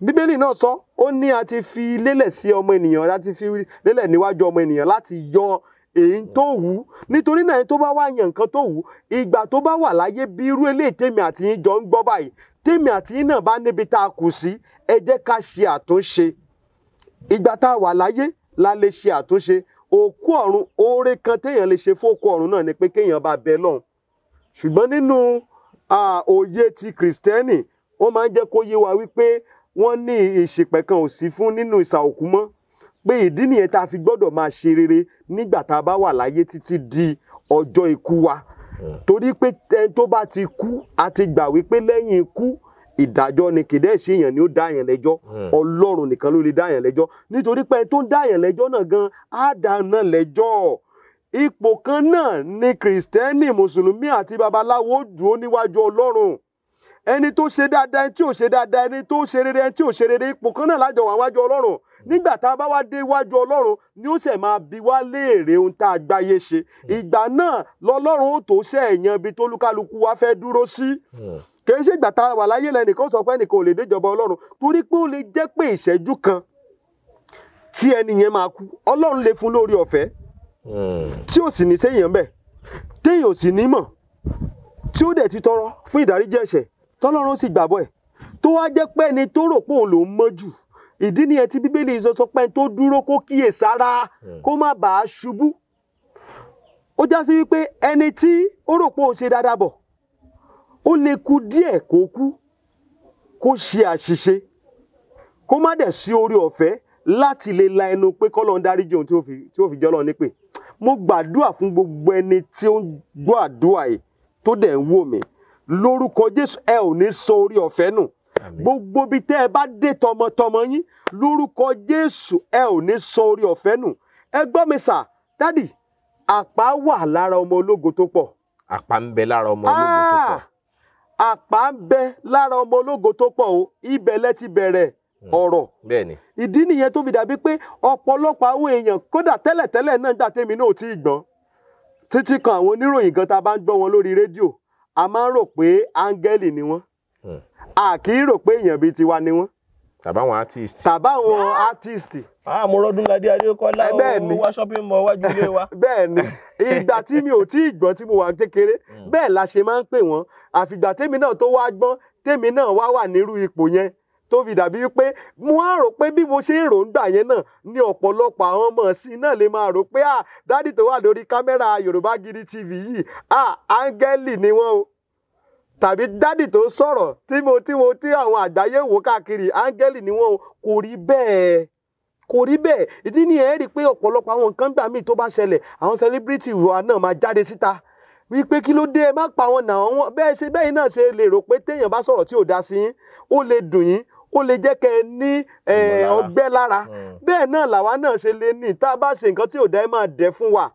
bíbélì náà sọ ó ní a ti fi lélẹ̀ sí ọmọ ènìyàn a ti fi lélẹ̀ níwájú ọmọ ènìyàn láti yan èyí tó wù ú nítorí náà tó bá wá yan nǹkan tó wù ú ìgbà tó bá wà láyé bí irú eléyìí tèmi àti yín jọ ń gbọ́ báyìí tèmi àti yín náà bá níbi tá a kù sí ẹ jẹ́ ká ṣe àtúnṣe ìgbà tá a wà láyé la lè ṣe àtúnṣe òkú ọ̀run oore kan téèyàn lè ṣe fókú ọ̀run náà ni pé kéèyàn bá bẹ lọ́hùn ṣùgbọ́n nínú òye ti kìrìsìtẹ́nì wọ́n máa ń jẹ́ kó yé wa wípé wọ́n ní ìṣìpẹ̀ kan ò sí fún nínú ìsà mọ́ pé ìdí nìyẹn tá a fi gbọ́dọ̀ máa ṣe rere nígbà tá a bá wà láyé títí di ọjọ́ ikú wa hmm. torí pé ẹni tó bá ti kú a ti gbà wípé lẹ́yìn ikú ìdájọ́ ni kìdẹ́ ṣe èèyàn ni ó dá èèyàn lẹ́jọ́ hmm. ọlọ́run nìkan ló lè dá èèyàn lẹ́jọ́ nítorí pé ẹni tó ń dá èèyàn lẹ́jọ́ náà gan á dá lẹ́jọ́ ipò kan náà ni kìrìsìtẹ́nì mùsùlùmí àti babaláwo dúró níwájú ọlọ́run ẹni tó ṣe dáadáa ẹni tí ò ṣe dáadáa ẹni tó ṣe rere ẹni tí ò ṣe rere ipò kan náà lájọ wà wájú ọlọ́run nígbà tá a bá wá dé iwájú ọlọ́run ni ó ṣẹ̀ máa bi wá léèrè ohun tá a gbáyé ṣe hmm. ìgbà náà lọ́lọ́run ó tó ṣe ẹ̀yàn ibi tó lúkálukú wá fẹ́ dúró sí hmm. kì í ṣe ìgbà tá a wà láyé lẹ́nìkan sọ pé ẹnìkan ò lè déjọba ọlọ́run torí pé ó lè jẹ́ pé ìṣẹ́jú kan tí ẹni yẹn máa kú ọlọ́run lè fún lórí ọ̀fẹ́ hmm. tí ò sì ní séèyàn bẹ̀ téèyàn ò sì ní mọ̀ tí ó dẹ̀ ti tọrọ fún ìdáríjì ẹ̀ṣẹ̀ tọ́lọ́run sì gbàgbọ́ ẹ̀ tó wá jẹ́ pé ẹni tó rò pé òun lòún mọ́ jù ìdí nìyẹn tí bíbélì sọ pé tó dúró kó kíyè sára hmm. kó má bàa ṣubú ó já sí wípé ẹni tí ó rò pé òun ṣe dáadáa bọ̀ ó lè kú díẹ̀ kó kú kó ṣe àṣìṣe kó má dẹ̀ sí orí ọ̀fẹ́ láti lè la ẹnu pé kọ́lọ́ ń dáríjì òun tí ó fi jọ́lọ́ nípè mo gbàdúrà fún gbogbo ẹni tí ó ń gbọ́ àdúrà yìí tó dẹ̀ ń wò mí lórúkọ Jésù ẹ ò ní sọ orí ọ̀fẹ́ nù. No gbogbo bíi tẹ́ ẹ bá dé tọmọtọmọ yín lórúkọ Jésù ẹ ò ní sọ orí ọ̀fẹ́ nù ẹ gbọ́ mi sà dádì àpá wà lára ọmọ ológo tó pọ̀. àpá ń bẹ lára ọmọ ológo tó pọ̀. Ah, àpá ń bẹ lára ọmọ ológo tó pọ̀ o ibẹ̀ lẹ ti bẹ̀rẹ̀ hmm. ọ̀rọ̀ ìdí nìyẹn tó fi dàbí pé ọ̀pọ̀lọpọ̀ àwọn èèyàn kódà tẹ́lẹ̀tẹ́lẹ̀ náà nígbà tèmi náà ò gbọ́n títí kan àwọn oníròyìn gan tá bá ń gbọ́ wọn lórí rédíò a máa ń rò pé áńgẹ́lì ni wọ́n a kì í rò pé èèyàn bíi tiwa ni wọ́n. tàbáwọn artist. tàbáwọn artist. àmọ́ ah, Ọdúnladé Adékọ́lá eh, ó wá shopping mall wájú ilé wa. bẹ́ẹ̀ ni ìgbà tí mi ò tí ì gbọ́n tí mo wà kékeré hmm. bẹ́ẹ̀ la ṣe máa ń pè wọ́n àfìgbà tèmi náà tó wá gbọ́n tèmi náà wá wà nírú ipò yẹn tó fi dàbí pé mo á rò pé bí mo ṣe ń ròǹgbà yẹn náà ní ọ̀pọ̀lọpọ̀ àwọn ọmọ sí náà lè máa rò pé à ah, dádì tó wà lórí kámẹ́rà Yorùbá Gidi TV yìí à ah, áńgẹ́lì ni wọ́n o tàbí dádì tó sọ̀rọ̀ tí mo tí mo tí àwọn àgbáyé wò káàkiri áńgẹ́lì ni wọ́n kò rí bẹ́ẹ̀ kò rí bẹ́ẹ̀ ìdí ni ẹ̀ rí i pé ọ̀pọ̀lọpọ̀ àwọn nǹkan gbà míì tó bá ṣẹlẹ̀ àwọn sẹlẹ́bírìtì wa náà máa jáde síta wípé kí ló dé ẹ má pa wọn nà wọn bẹ́ẹ̀ ṣe bẹ́ẹ̀ náà ṣe lè rò pé téèyàn bá sọ̀rọ̀ tí ò dá sí ó lè dùn yín ó lè jẹ́ kẹ́ ẹ ní ọgbẹ́ lára hmm. bẹ́ẹ̀ náà làwa náà ṣe lè ní tá bá ṣe nǹkan tí ò dá ẹ máa dẹ̀ fún wa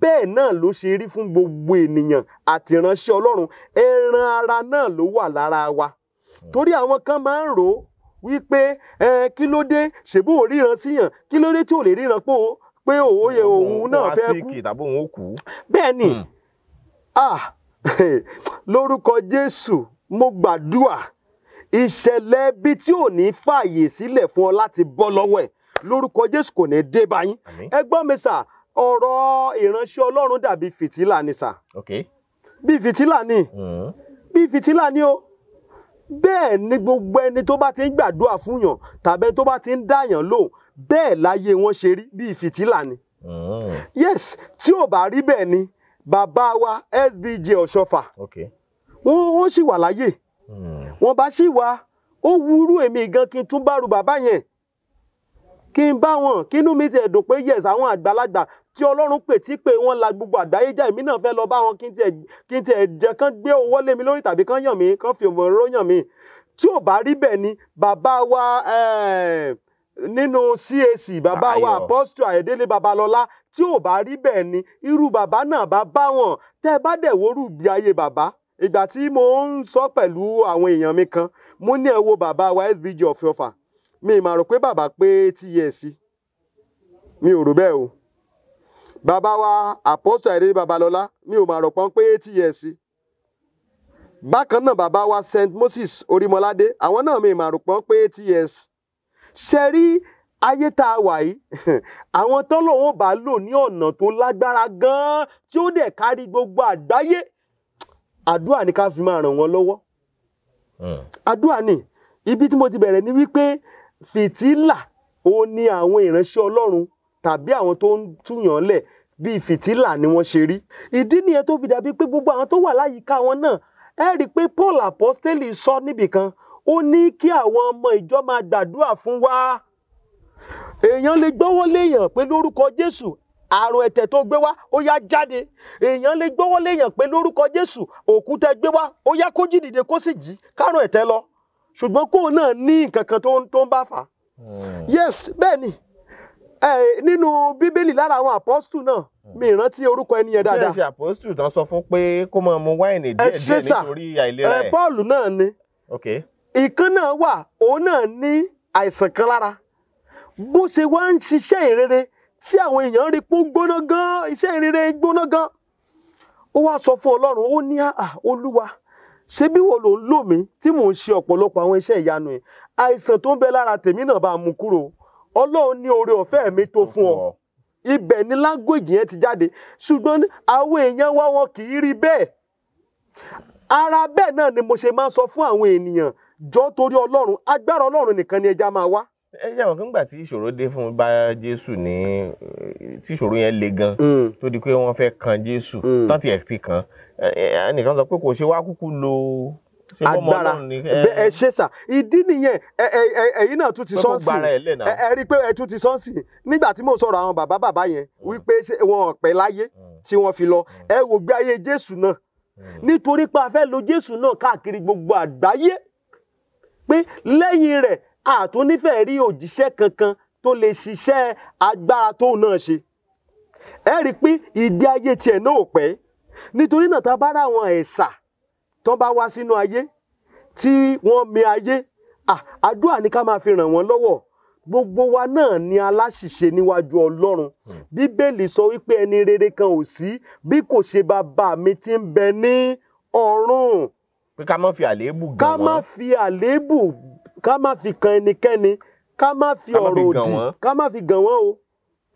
bẹ́ẹ̀ náà ló ṣe rí fún gbogbo ènìyàn àtìránṣẹ́ Ọlọ́run ẹran ara náà ló wà lára wa hmm. torí àwọn kan máa ń rò ó wípé kí ló dé ṣèbó ò ríran síyàn kí ló dé tí ò lè ríran pé ó pé òun yẹ òun náà fẹ́ kú bẹ́ẹ̀ ni hmm. ah, lórúkọ Jésù mo gbàdúrà ìṣẹ̀lẹ̀ ibi tí ò ní fààyè sílẹ̀ fún ọ láti bọ́ lọ́wọ́ ẹ̀ lórúkọ Jésù kò ní dé báyìí ẹ mi sà ọ̀rọ̀ ìránṣẹ́ Ọlọ́run dàbí fìtílà ni sà bí fìtílà ni mm. bí fìtílà ni o bẹ́ẹ̀ ni gbogbo ẹni tó bá ti ń gbàdúrà fún yàn tàbí tó bá ti ń dàyàn lóhùn bẹ́ẹ̀ láyé wọn ṣe rí bí fìtílà ni. Mm. yes tí ò bá rí bẹ́ẹ̀ ni bàbá wa SBJ Ọ̀ṣọ́fà wọ́n sì wà láyé mm. wọ́n bá sì wà ó wúrú èmi gan kí n tún bá ru bàbá yẹn kí n bá wọn kínú mi tiẹ̀ dùn pé yes àwọn àgbàlagbà tí ọlọ́run pè tí pé wọ́n la gbogbo àgbáyé jà èmi náà fẹ́ lọ bá wọn kí n tiẹ̀ kí n tiẹ̀ jẹ́ kán gbé owó lé mi lórí tàbí kán yàn mí kán fi òmòró yàn mí tí ò bá rí bẹ́ẹ̀ ni bàbá wa eh, nínú CAC bàbá wa apostol Ayọ̀délé Babalọ́lá tí ò bá rí bẹ́ẹ̀ ni irú bàbá náà bá bá wọn tẹ́ ẹ bá dẹ̀ wórú bí ayé bàbá ìgbà tí mo ń sọ pẹ̀lú àwọn èèyàn mi kan mo ní ẹ wo bàbá wa SBG ọ̀fẹ́ ọ̀fà mi ì máa rò pé bàbá pé eighty years mi ò rò bẹ́ẹ̀ o bàbá wa àpọ́sù àìdè babalọ́lá mi ò máa rò pọ́n pé eighty years bákan náà bàbá wa St Moses Orímọládé àwọn náà mi ì máa rò pọ́n pé eighty years ṣe rí ayé tá a wà yìí àwọn tọ́lọ́wọ́n bá lò ní ọ̀nà tó lágbára gan-an tí ó dẹ̀ kárí gbogbo àgbáyé àdúrà ni ká fi máa ràn wọ́n lọ́wọ́ hmm. àdúrà ni ibi tí mo ti bẹ̀rẹ̀ ni wípé fìtílà ó ní àwọn ìránṣẹ́ Ọlọ́run tàbí àwọn tó ń túyàn lẹ̀ bíi fìtílà ni wọ́n ṣe rí ìdí nìyẹn tó fi dàbí pé gbogbo àwọn tó wà láyìíká wọn náà ẹ rí i pé Paul apostoli sọ níbìkan ó ní kí àwọn ọmọ ìjọ máa gbàdúrà fún wa èèyàn lè gbọ́wọ́ léèyàn pé lórúkọ Jésù àrùn ẹ̀tẹ̀ tó gbé wá ó yá jáde èèyàn lè gbọ́wọ́ léèyàn pé lórúkọ Jésù òkú gbé wá ó yá kó jí kó sì jí kárùn ẹ̀tẹ̀ lọ ṣùgbọ́n kóun náà ní nǹkan tó ń bá fà hmm. yes bẹ́ẹ̀ ni nínú bíbélì lára àwọn apọ́stù náà hmm. mi ìrántí orúkọ ẹni yẹn dáadáa. jẹ́sì apọ́stù tán sọ fún pé kó máa mu wáìnì díẹ̀ díẹ̀ nítorí àìlera ẹ̀. Pọ́ọ̀lù náà ni ìkan náà wà òun náà ní àìsàn kan lára bó ṣe wá ń ṣiṣẹ́ ìrere tí àwọn èèyàn rí pé ó gbóná gan iṣẹ́ ìrere gbóná gan ó wá sọ fún Ọlọ́run ó ní àà Olúwa ṣé bí wo ló ń lò mí tí mò ń ṣe ọ̀pọ̀lọpọ̀ àwọn iṣẹ́ ìyanu yìí àìsàn tó ń bẹ lára tèmi náà bá mú kúrò ọlọ́run ní oore ọ̀fẹ́ mi tó fún ọ ibẹ̀ ni language yẹn ti jáde ṣùgbọ́n àwọn èèyàn wá wọn kì í rí bẹ́ẹ̀ ara bẹ́ẹ̀ náà ni mo ṣe máa ń sọ fún àwọn ènìyàn jọ torí ọlọ́run agbára ọlọ́run nìkan ni ẹja máa wá
ẹ jẹ́ àwọn kan gbà tí ìṣòro dé fún bá jésù ní tí ìṣòro yẹn le gan hmm. tó di pé wọ́n fẹ́ kan jésù hmm. tán tiẹ̀ ti kan ẹnìkan sọ pé kò ṣe wá kúkú lo agbára
ẹ ṣe sà ìdí nìyẹn ẹ̀yin náà tún ti sọ́ọ̀sì ẹ rí i pé ẹ tún ti sọ́ọ̀sì nígbà tí mò ń sọ̀rọ̀ àwọn bàbá bàbá yẹn hmm. wípé wọn ò pẹ́ láyé hmm. tí wọ́n fi lọ hmm. ẹ wò gbé ayé Jésù náà nítorí pé a fẹ́ lo Jésù náà káàkiri gbogbo àgbáyé pé lẹ́yìn rẹ̀ àtúnífẹ́ rí òjíṣẹ́ kankan tó lè ṣiṣẹ́ agbára tóun náà ṣe ẹ rí i pé ìgbé ayé tiẹ̀ náà ò pẹ́ nítorí náà tá a bá rà àwọn ẹ̀sà tó bá wá sínú ayé tí wọ́n mi ayé àdúrà ni ká máa fi ràn wọ́n lọ́wọ́ gbogbo wa náà ni aláṣìṣe níwájú ọlọ́run hmm. bíbélì sọ wípé ẹni rere kan ò sí bí kò ṣe bàbá mi tí ń bẹ ní ọ̀run. pé ká má fi àléébù gan wọn. ká má fi àléébù ká má fi kan ẹnikẹ́ni ká má fi ọ̀rọ̀ òdì ká má fi gàn wọ́n o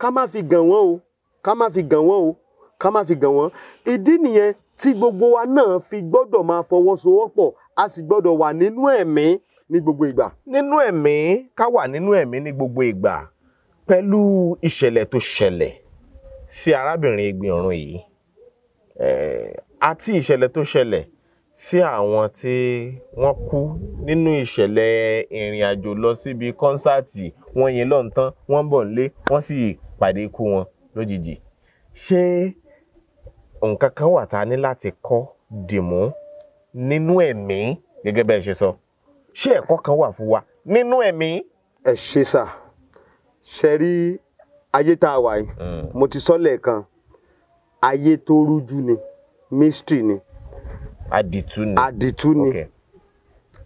ká má fi gàn wọ́n o ká má fi gàn wọ́n o ká má fi gàn wọ́n ìdí nìyẹn tí gbogbo wa náà fi gbọ́dọ̀ máa fọwọ́sowọ́pọ̀ a sì gbọ́dọ̀ wà nínú ẹ̀mí ní gbogbo ìgbà. nínú ẹ̀mí ká wà nínú ẹ̀mí ní gbogbo ìgbà
pẹ̀lú ìṣẹ̀lẹ̀ tó ṣẹlẹ̀ sí arábìnrin Ẹ̀gbin Ọ̀run yìí àti ìṣẹ̀lẹ̀ tó ṣẹlẹ̀ sí àwọn tí wọ́n kú nínú ìṣẹ̀lẹ̀ ìrìn àjò lọ síbi kọ́nsáàtì wọ́n yẹn lọ́ntán wọ́n bọ̀ nílé wọ́n sì pàdé ikú wọn lójijì ṣé nǹkan kan wà tá a ní láti kọ́ dìmú nínú ẹ̀mí gẹ́gẹ́ bẹ́ẹ̀
ṣe sọ ṣé ẹ̀kọ́ kan wà fún wa nínú ẹ̀mí. ẹ ṣe sà ṣe rí ayé tá a wà yìí hmm. mo ti sọ lẹ́ẹ̀kan ayé tó rújú ni mystery ni àdìtú ni àdìtú ni okay.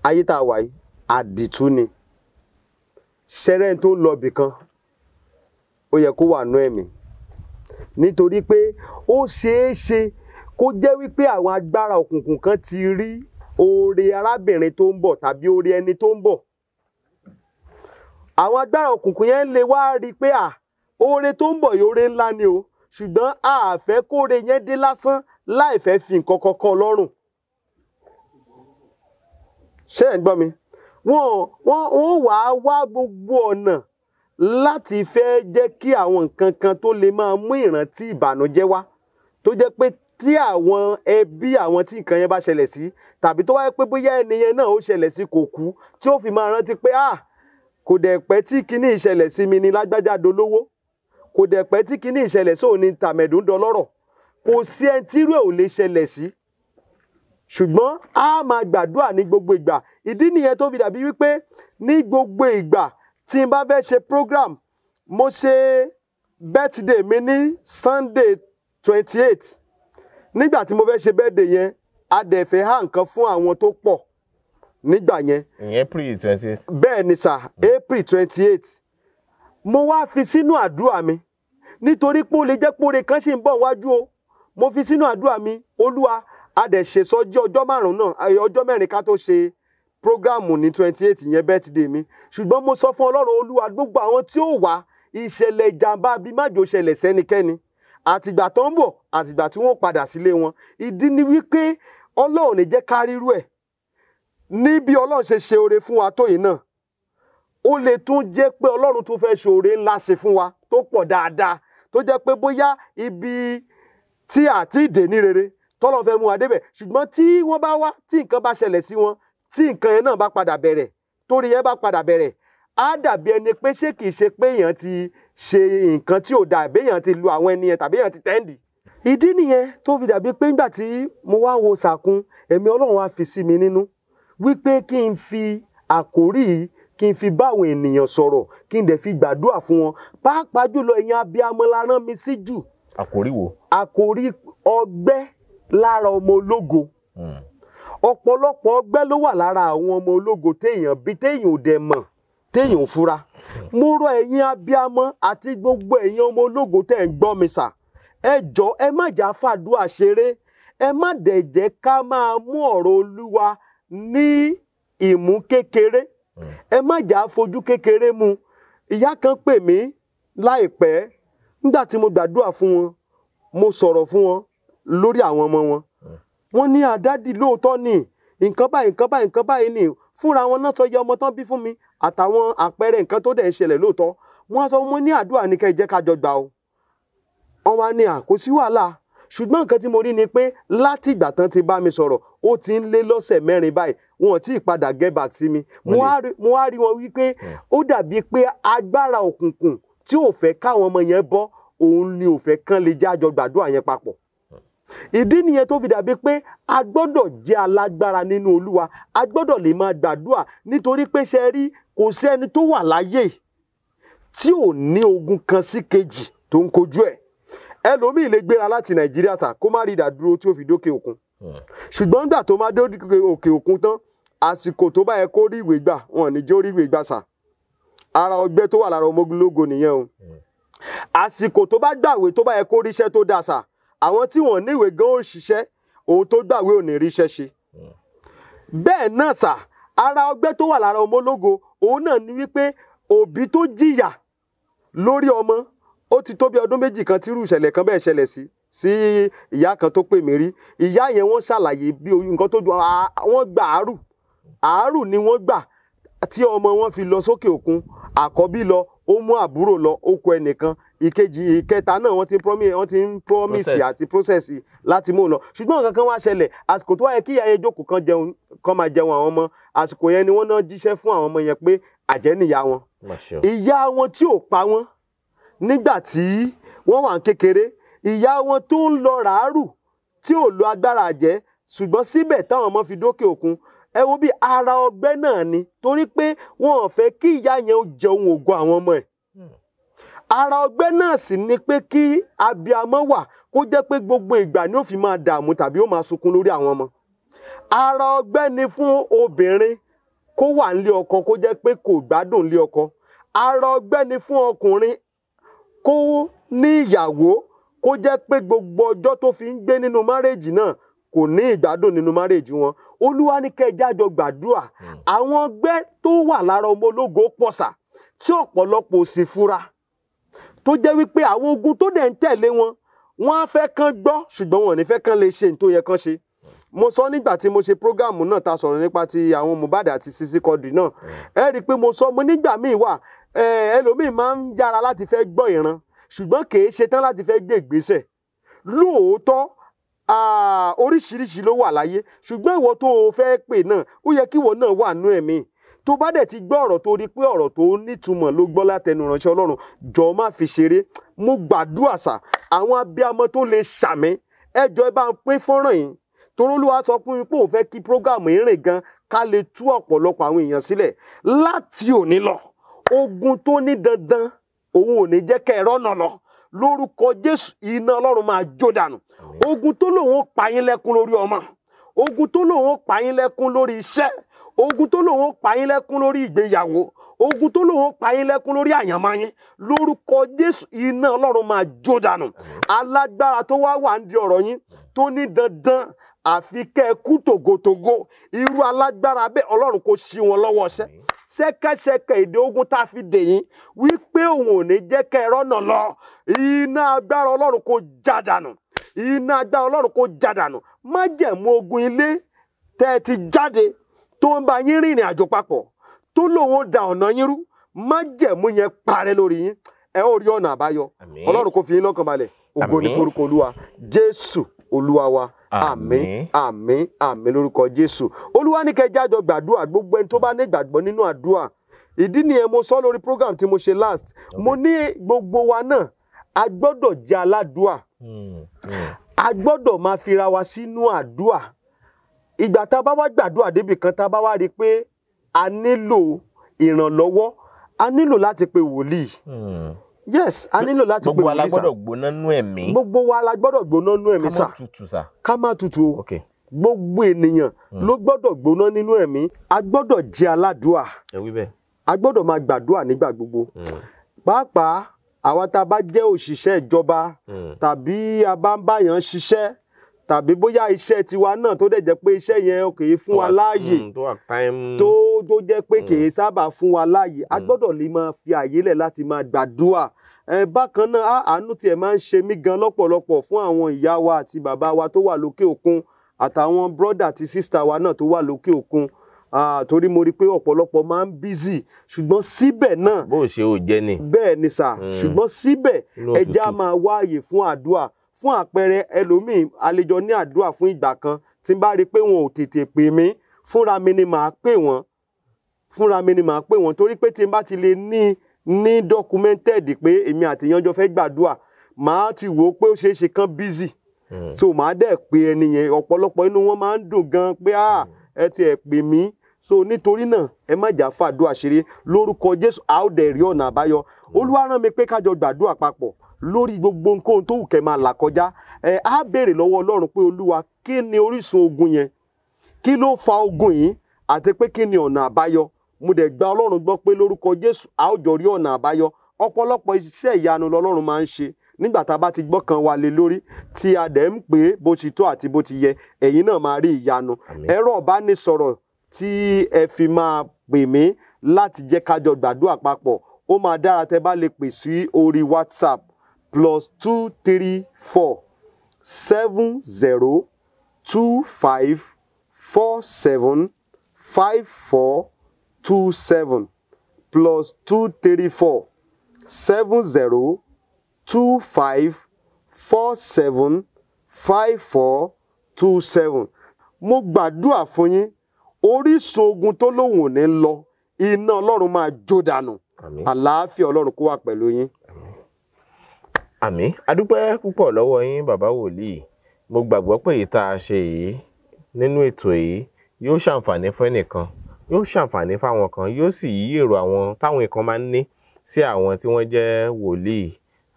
ayé tá a wà yìí àdìtú ni ṣẹrẹ tó ń lọ bì ó yẹ kó wà nú ẹ̀mí nítorí pé ó ṣeé ṣe kó jẹ́ wípé àwọn agbára òkùnkùn kan ti rí oore arábìnrin tó ń bọ̀ tàbí oore ẹni tó ń bọ̀ àwọn agbára òkùnkùn yẹn lè wá rí i pé à oore tó ń bọ̀ yìí oore ńlá ni o ṣùgbọ́n a fẹ́ kóore yẹn dé lásán láì fẹ́ fi nǹkan kankan lọ́rùn ṣé ẹ̀ ń gbọ́ mi wọ́n wọ́n wàá wá gbogbo ọ̀nà láti fẹ́ jẹ́ kí àwọn nǹkan kan tó lè máa mú ìrántí ìbànújẹ́ wá tó jẹ́ pé tí àwọn ẹbí àwọn tí nǹkan yẹn bá ṣẹlẹ̀ sí tàbí tó wáyé pé bóyá ẹnìyẹn náà ó ṣẹlẹ̀ sí kò kú tí ó fi máa rántí pé ah kò dẹ̀ pẹ́ tí kinní ìṣẹ̀lẹ̀ sí mi ni lágbájá dolówó kò dẹ̀ pẹ́ tí kinní ìṣẹ̀lẹ̀ sóò ni tàmẹ̀dùn dọlọ́rọ̀ kò sí ẹni tí irú ẹ̀ ò lè ṣẹlẹ̀ sí ṣùgbọ́n a máa gbàdúrà ní gbogbo ìgbà ìdí nìyẹn tó fi dàbí wípé ní gbogbo ìgbà tí n bá fẹ́ ṣe program mo ṣe birthday mi ní sunday twenty eight nígbà tí mo fẹ́ ṣe birthday yẹn a dẹ̀ fẹ́ há nǹkan fún àwọn tó pọ̀ nígbà yẹn.
april twenty eight.
bẹ́ẹ̀ ni sà april twenty eight mo wá fi sínú àdúrà mi nítorí pé ó lè jẹ́ pé oore kan ṣì ń bọ̀ wájú o mo fi sínú àdúrà mi olúwa a dẹ̀ ṣèsọjí ọjọ́ márùn-ún náà ọjọ́ mẹ́rin ká tó ṣe Programu ní twenty eight yẹn birthday mi ṣùgbọ́n mo sọ fún ọlọ́run olúwa gbogbo àwọn tí ó wà ìṣẹ̀lẹ̀ ìjàmbá bí májò ṣẹlẹ̀ sẹ́nikẹ́ni àtìgbà tó ń bọ̀ àtìgbà tí wọ́n padà sílé wọn ìdí ni wípé ọlọ́run ní jẹ́ ká rírú ẹ̀ ní bí ọlọ́run ṣe ṣe oore fún wa tó yìí náà ó lè tún jẹ́ pé ọlọ́run tún fẹ́ ṣe oore ńlá ṣe fún wa tó pọ̀ dáadáa tó jẹ́ pé bóyá ibi tí àti ìdè ní rere tọ́lọ́ fẹ́ mú wa débẹ̀ ṣùgbọ́n tí wọ́n bá wá tí nǹkan bá ṣẹlẹ̀ sí wọn tí nǹkan yẹn náà bá padà bẹ̀rẹ̀ torí yẹn bá padà bẹ̀rẹ̀ á dàbí ẹni pé ṣé kìí ṣe pé èèyàn ti ṣe nǹkan tí ò da àbí èèyàn ti lu àwọn ẹni yẹn tàbí èèyàn ti tẹ́ǹdì. ìdí nìyẹn tó fi dàbí pé nígbà tí mo wá wo sàkún ẹ̀mí ọlọ́run wá fi sí mi nínú wípé kí n fi àkórí yìí kí n fi báwọn ènìyàn sọ̀rọ̀ kí n dẹ̀ fi gbàdúrà fún wọn pàápàá jùlọ ìyẹn abiyamọ la rán mi sí jù. àkórí wo. àkórí ọgbẹ́ lára ọmọ ológo. Mm ọ̀pọ̀lọpọ̀ ọgbẹ́ ló wà lára àwọn ọmọ ológo téèyàn bí téèyàn ò dẹ̀ mọ̀ téèyàn ò fura mo rọ ẹ̀yin abiyamọ àti gbogbo ẹ̀yin ọmọ ológo tẹ̀ ń gbọ́ mi sà ẹ jọ ẹ má jà fàdúà ṣeré ẹ má dẹ̀ jẹ́ ká máa mú ọ̀rọ̀ olúwa ní ìmú kékeré ẹ má jà fojú kékeré mu ìyá kan pè mí láìpẹ́ nígbà tí mo gbàdúrà fún wọn mo sọ̀rọ̀ fún wọn lórí àwọn ọmọ wọn wọ́n ní àdádì lóòótọ́ ni nǹkan báyìí nǹkan báyìí nǹkan báyìí ni fúnra wọn náà sọ yẹ ọmọ tán bí fún mi àtàwọn àpẹẹrẹ nǹkan tó dẹ̀ ń ṣẹlẹ̀ lóòótọ́ wọ́n sọ wọ́n ní àdúrà ní kẹ́ ẹ jẹ́ ká jọ gbà o wọ́n wá ní àkósí wàhálà ṣùgbọ́n nǹkan tí mo rí ni pé láti ìgbà tán ti bá mi sọ̀rọ̀ ó ti ń lé lọ́sẹ̀ mẹ́rin báyìí wọn ò tí ì padà get back sí mi mo wá rí wọn wípé hmm. ó dàbí pé agbára òkùnkùn tí ò fẹ́ káwọn ọmọ yẹn bọ́ òun ni ò fẹ́ kán lè jẹ́ gbàdúrà yẹn papọ̀ ìdí nìyẹn tó fi dàbí pé a gbọ́dọ̀ jẹ́ alágbára nínú olúwa a gbọ́dọ̀ lè máa gbàdúà nítorí pé ṣe rí kò sẹ́ni tó wà láyé tí ò ní ogun kan sí kejì tó ń kojú ẹ̀ ẹlòmíì lè gbéra láti nàìjíríà sà kó má rí ìdádúró tí ó fi dókè òkun hmm. ṣùgbọ́n nígbà tó má dé òkè òkun tán àsìkò tó bá yẹ kó rí ìwé gbà wọn ní jó rí ìwé gbà sà ara ọgbẹ́ tó wà lára ọmọ ogunlógo nìyẹn o hmm. àsìkò tó bá gbàwé tó bá yẹ kó ríṣẹ́ tó dà sà àwọn tí wọ́n níwèé gan ó ṣiṣẹ́ òun tó gbàwé ò ní ríṣẹ́ ṣe bẹ́ẹ̀ náà sà ara ọgbẹ́ tó wà lára ọmọ ológo òun náà ni wípé òbí tó jìyà lórí ọmọ ó ti tó bí ọdún méjì kan tírú ìṣẹ̀lẹ̀ kan bẹ́ẹ̀ ṣẹlẹ̀ sí sí ìyá kan tó pè mí rí ìyá yẹn wọ́n ṣàlàyé bí nǹkan tó ju wọ́n gba àárù àárù ni wọ́n gbà tí ọmọ wọn fi lọ sókè òkun àkọ́bí lọ ó mú àbúrò lọ ó kọ ẹnìkan ìkejì ìkẹta náà wọ́n ti promise wọ́n ti ń promise àti process láti mú un lọ ṣùgbọ́n nǹkan kan wá ṣẹlẹ̀ àsìkò tó wáyé kí ìyá yẹn jókòó kan jẹun kan máa jẹun àwọn ọmọ àsìkò yẹn ni wọ́n náà jíṣẹ́ fún àwọn ọmọ yẹn pé àjẹ́ nìyá wọn ìyá wọn tí ò pa wọ́n nígbà tí wọ́n wà ń kékeré ìyá wọn tó ń lọ ràárù tí ò lo agbára àjẹ́ ṣùgbọ́n síbẹ̀ táwọn ọmọ fi dókè òkun ẹ wo bí ara ọgbẹ́ náà ni torí pé wọn ò fẹ́ kí ìyá yẹn ó jẹun ògo àwọn ọmọ ẹ̀ ara ọgbẹ́ náà sì ni pé kí abiamọ wà kó jẹ́ pé gbogbo ìgbà ni ó fi máa dààmú tàbí ó máa sunkún lórí àwọn ọmọ ara ọgbẹ́ ni fún obìnrin kó wà nílé ọkọ kó jẹ́ pé kò gbádùn nílé ọkọ ara ọgbẹ́ ni fún ọkùnrin kó ní ìyàwó kó jẹ́ pé gbogbo ọjọ́ tó fi ń gbé nínú márèèjì náà kò ní ìgbádùn nínú márèjì wọn olúwa ní kẹjá jọ gbàdúrà hmm. àwọn ọgbẹ́ tó wà lára ọmọ ológo pọ̀sà tí ọ̀pọ̀lọpọ̀ sì fura tó jẹ́ wípé àwọn ogun tó dẹ̀ ń tẹ̀lé wọn wọ́n á fẹ́ kán gbọ́ ṣùgbọ́n wọn ò ní fẹ́ kán lè ṣe nítorí yẹ kán ṣe hmm. mo sọ nígbà tí mo ṣe prógáàmù náà ta sọ̀rọ̀ nípa ti àwọn Mohbad àti Sisi Quadri náà hmm. ẹ rí i pé mo sọ mo nígbà míì wà ẹlòmíì máa ń yára láti fẹ́ gbọ́ ìran ṣùgbọ́n kì í ṣe láti fẹ́ gbé ìgbésẹ̀ lóòótọ́ oríṣiríṣi ló wà láyé ṣùgbọ́n ìwọ tó o fẹ́ pè náà ó yẹ kí ìwọ náà wà nú ẹ̀mí tó bá dẹ̀ ti gbọ́ ọ̀rọ̀ tó rí pé ọ̀rọ̀ tó nítumọ̀ ló gbọ́ látẹnu ránṣẹ́ ọlọ́run jọ má fi ṣeré mo gbàdúrà sà àwọn abiyamọ tó lè ṣàmì ẹjọ́ ẹ bá ń pín fọ́nrán yìí torólúwa sọ fún mi pé òun fẹ́ kí prógáàmù yìí rìn gan ká lè tú ọ̀pọ̀lọpọ̀ àwọn èèyàn sílẹ̀ láti òní lọ ogun tó ní dandan òun ò ní jẹ́ kẹ́ ẹ rọ́nà lọ lórúkọ jésù iná ọlọ́run máa jó dànù ogun tó lòun ó pa yín lẹ́kún lórí ọmọ ogun tó lòun ó pa yín lẹ́kún lórí iṣẹ́ ogun tó lòun ó pa yín lẹ́kún lórí ìgbéyàwó ogun tó lòun pa yín lẹ́kún lórí àyànmọ́ yín lórúkọ jésù iná ọlọ́run máa jó dànù alágbára tó wá wà ń di ọ̀rọ̀ yín tó ní dandan àfi kú tògótògó irú alágbára bẹ́ẹ̀ ọlọ́run kò sí wọn lọ́wọ́ ṣẹ́ ṣẹ́kẹ́ṣẹkẹ̀ èdè ogun tá a fi dè yín wípé òun ò ní jẹ́ kẹ́ ẹ rọ́nà lọ iná agbára ọlọ́run kò jádànù iná agbára ọlọ́run kò jádànù májẹ̀mú ogun ilé tẹ ẹ ti jáde tó ń bá yín rìnrìn àjò papọ̀ tó lòun da ọ̀nà yín rú májẹ̀mú yẹn parẹ́ lórí yín ẹ ó rí ọ̀nà àbáyọ ọlọ́run kò fi yín lọ́kàn balẹ̀ ògo ní forúkọ olúwa jésù olúwa wa. àmín àmín àmín lórúkọ jésù olúwa ní kẹjá jọ gbàdúrà gbogbo ẹni tó bá ní ìgbàgbọ́ nínú àdúrà ìdí nìyẹn mo sọ lórí program tí mo ṣe last mo ní gbogbo wa náà a gbọ́dọ̀ jẹ́ aládùúà hmm, a hmm. gbọ́dọ̀ máa fira wa sínú àdúà ìgbà tá a bá wá gbàdúà débì kan tá a bá wá rí i pé a nílò ìrànlọ́wọ́ a nílò láti pe wòlíì. Hmm yes a nílò láti pè wọlé sà gbogbo wa la gbọ́dọ̀
gbóná nú ẹ̀mí gbogbo
wa la gbọ́dọ̀ gbóná nú ẹ̀mí sà ká má tutù sà ká má tutù o gbogbo ènìyàn hmm. ló gbọ́dọ̀ gbóná nínú ẹ̀mí a gbọ́dọ̀ jẹ́ aládùúà a gbọ́dọ̀ máa gbàdúà nígbà gbogbo hmm. pàápàá àwa tá a bá jẹ́ òṣìṣẹ́ ìjọba hmm. tàbí a bá ń báyàn ṣiṣẹ́ tàbí bóyá iṣẹ́ tiwa náà tó dẹ̀ jẹ́ pé iṣẹ́ yẹn kì í fún wa láàyè mm, tó tó jẹ́ pé kì í mm. sábà fún wa láàyè a mm. gbọ́dọ̀ lè máa fi àyè lẹ̀ láti máa gbàdúrà bákan náà àánú tiẹ̀ máa ń ṣe mí gan lọ́pọ̀lọpọ̀ fún àwọn ìyá wa àti bàbá wa tó wà lókè òkun àtàwọn brọ́dà àti sísítà wa náà tó wà lókè òkun torí mo rí i pé ọ̀pọ̀lọpọ̀ máa ń bízì ṣùgbọ́n síbẹ̀ náà bó ṣe ò jẹ́ ni bẹ́ẹ̀ ni sà ṣùgbọ́n síbẹ̀ ẹ máa wáàyè fún àdúrà fún àpẹẹrẹ ẹlòmíì àlejò ní àdúrà fún ìgbà kan tí n bá rí i pé wọn ò tètè pè mí fúnra mi ni màá pè wọ́n fúnra mi ni màá pè wọ́n torí pé tí n bá ti lè ní ní documented pé èmi àti ìyànjọ fẹ́ gbàdúrà màá ti wò ó pé ó ṣeé kán busy hmm. so màá dẹ̀ pé ẹni yẹn ọ̀pọ̀lọpọ̀ inú wọn máa ń dùn gan pé ah ẹ ti ẹ̀ pè mí so nítorí náà ẹ má jà fàdúrà ṣeré lórúkọ Jésù àódẹ̀ rí ọ̀nà àbáyọ hmm. Olúwa rán mi pé kájọ gbàdúrà papọ̀ lórí gbogbo nǹkan tó wù kẹ́ máa là kọjá ẹ á béèrè lọ́wọ́ ọlọ́run pé olúwa kí ni orísun ogun yẹn kí ló fa ogun yìí àti pé kí ni ọ̀nà àbáyọ mo dẹ̀ gba ọlọ́run gbọ́ pé lórúkọ jésù a ó jọ rí ọ̀nà àbáyọ ọ̀pọ̀lọpọ̀ iṣẹ́ ìyanu lọ́lọ́run máa ń ṣe nígbà tá a bá ti gbọ́kàn wa lé lórí tí a dẹ̀ ń pè é bó ti tọ́ àti bó ti yẹ ẹ̀yin náà máa rí ìyanu ẹ̀rọ ọ̀bánisọ̀rọ̀ tí ẹ fi máa pè mí láti jẹ́ ká gbàdúrà papọ̀ ó máa dára tẹ́ bá lè pè sí orí WhatsApp plus two three four seven zero two five four seven five four two seven plus two three four seven zero two five four seven five four two seven. mo gbàdúrà fún yín orísun ogun tó lóun ò ní lọ iná ọlọ́run máa jó dànù àlàáfíà ọlọ́run kó wà pẹ̀lú yín
àmì adúpẹ́ púpọ̀ lọ́wọ́ yín bàbá wòlíì mo gbàgbọ́ pé èyí tá a ṣe yìí nínú ètò yìí yóò ṣàǹfààní fún ẹnìkan yóò ṣàǹfààní fáwọn kan yóò sì yí èrò àwọn táwọn nǹkan máa ń ní sí àwọn tí wọ́n jẹ́ wòlíì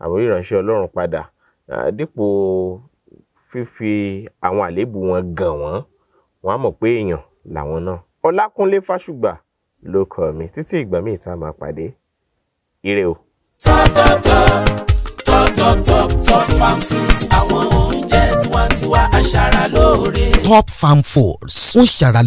àwọn ìránṣẹ́ ọlọ́run padà dípò fífi àwọn àléébù wọn gàn wọ́n wọ́n á mọ̀ pé èèyàn làwọn náà ọlákúnlé fásùgbà ló kọ mi títí ìgbà míì tá a máa pàdé ire o.
tọ́tọ̀tọ̀ top top top farm fruits àwọn tiwantiwa aṣara
top farm foods ń ṣara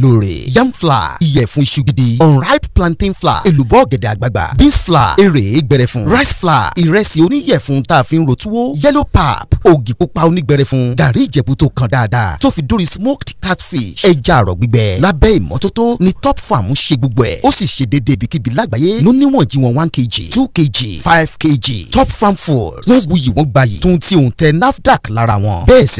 yam flour ìyẹ̀fun iṣu unripe plantain flour èlùbọ́ ọ̀gẹ̀dẹ̀ àgbagbà beans flour èrè gbẹrẹfun rice flour ìrẹsì oníyẹ̀fun tá a fi ń ro túwó yellow pap ògì pupa onígbẹrẹfun gàrí ìjẹ̀bú tó kan dáadáa tó fi dórí smoked catfish ẹja àrọ̀ gbígbẹ lábẹ́ ìmọ́tótó ni top farm ń ṣe gbogbo ẹ̀ ó sì ṣe déédéé ibikíbi lágbàáyé ló níwọ̀n jí one kg two kg five kg top farm foods wọ́n wuyì wọ́n gbayì tuntun tí òun tẹ nafdac lára wọn bẹ́ẹ̀ sì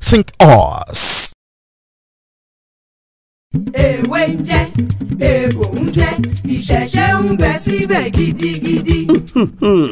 Think us.
èwe ń jẹ́ èbò ń jẹ́ ìṣẹ̀ṣẹ̀ ń bẹ síbẹ̀ gidigidi.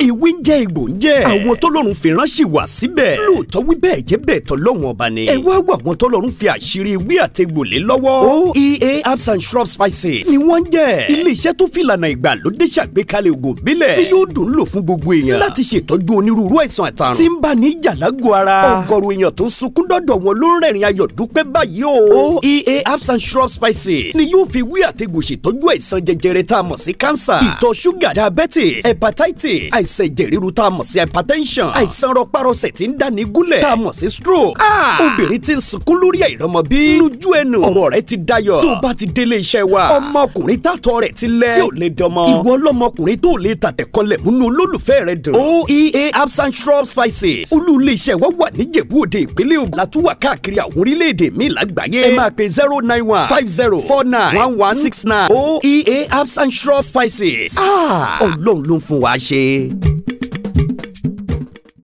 ìwé ń jẹ́
egbò ń jẹ́. àwọn tọ́lọ́run fìràn sì wà síbẹ̀. lóòótọ́ wí bẹ́ẹ̀ jẹ́ bẹ́ẹ̀ tọ́lọ́run ọba ni. ẹ wá wá àwọn tọ́lọ́run fi àṣírí ewé àtẹgbòlé lọ́wọ́. oea herbs and shrub spices ni wọ́n ń jẹ́. iléeṣẹ́ tó fìlànà ìgbàlódé ṣàgbékalẹ̀ ògùn bílẹ̀. tí yóò dùn lò fún gbogbo èèyàn. láti ṣètọ́jú onírúurú àìsàn àtàrùn. tí ń bá ní jàlágò ara. ọ̀gọ̀rọ̀ èèyàn tó ń sunkún dọ́dọ̀ wọn ló ń o. oea herbs and shrub herbal spices ni yóò fi wí àtẹ̀gùn ṣètọ́jú àìsàn jẹjẹrẹ tá a mọ̀ sí cancer ìtọ̀ ṣúgà diabetes hepatitis àìsàn ẹ̀jẹ̀ ríru tá a mọ̀ sí hypertension àìsàn rọpárọsẹ̀ tí ń dáni gúnlẹ̀ tá a mọ̀ sí stroke ah! obìnrin tí ń sunkún lórí àìrọ́mọbí lójú ẹnu ọ̀rọ̀ rẹ̀ ti dayọ̀ tó bá ti délé iṣẹ́ wa ọmọkùnrin tàtọ̀ rẹ̀ ti lẹ̀ tí ò lè dọmọ ìwọ ọlọ́mọkùnrin tó lè tàtẹ̀kọlẹ̀ múnú olólùfẹ́ rẹ̀ dùn oea absent shrub spices olú ilé iṣẹ́ wa wà ní Ìjẹ̀bú Òde ìpínlẹ̀ Ògùn látúwà káàkiri àwọn orílẹ̀-èdè míì lágbàáyé ẹ máa pe zero nine one five zero four nine one one six nine oea herbs and shrub spices. Ah. ọlọ́run ló ń fún wa ṣe.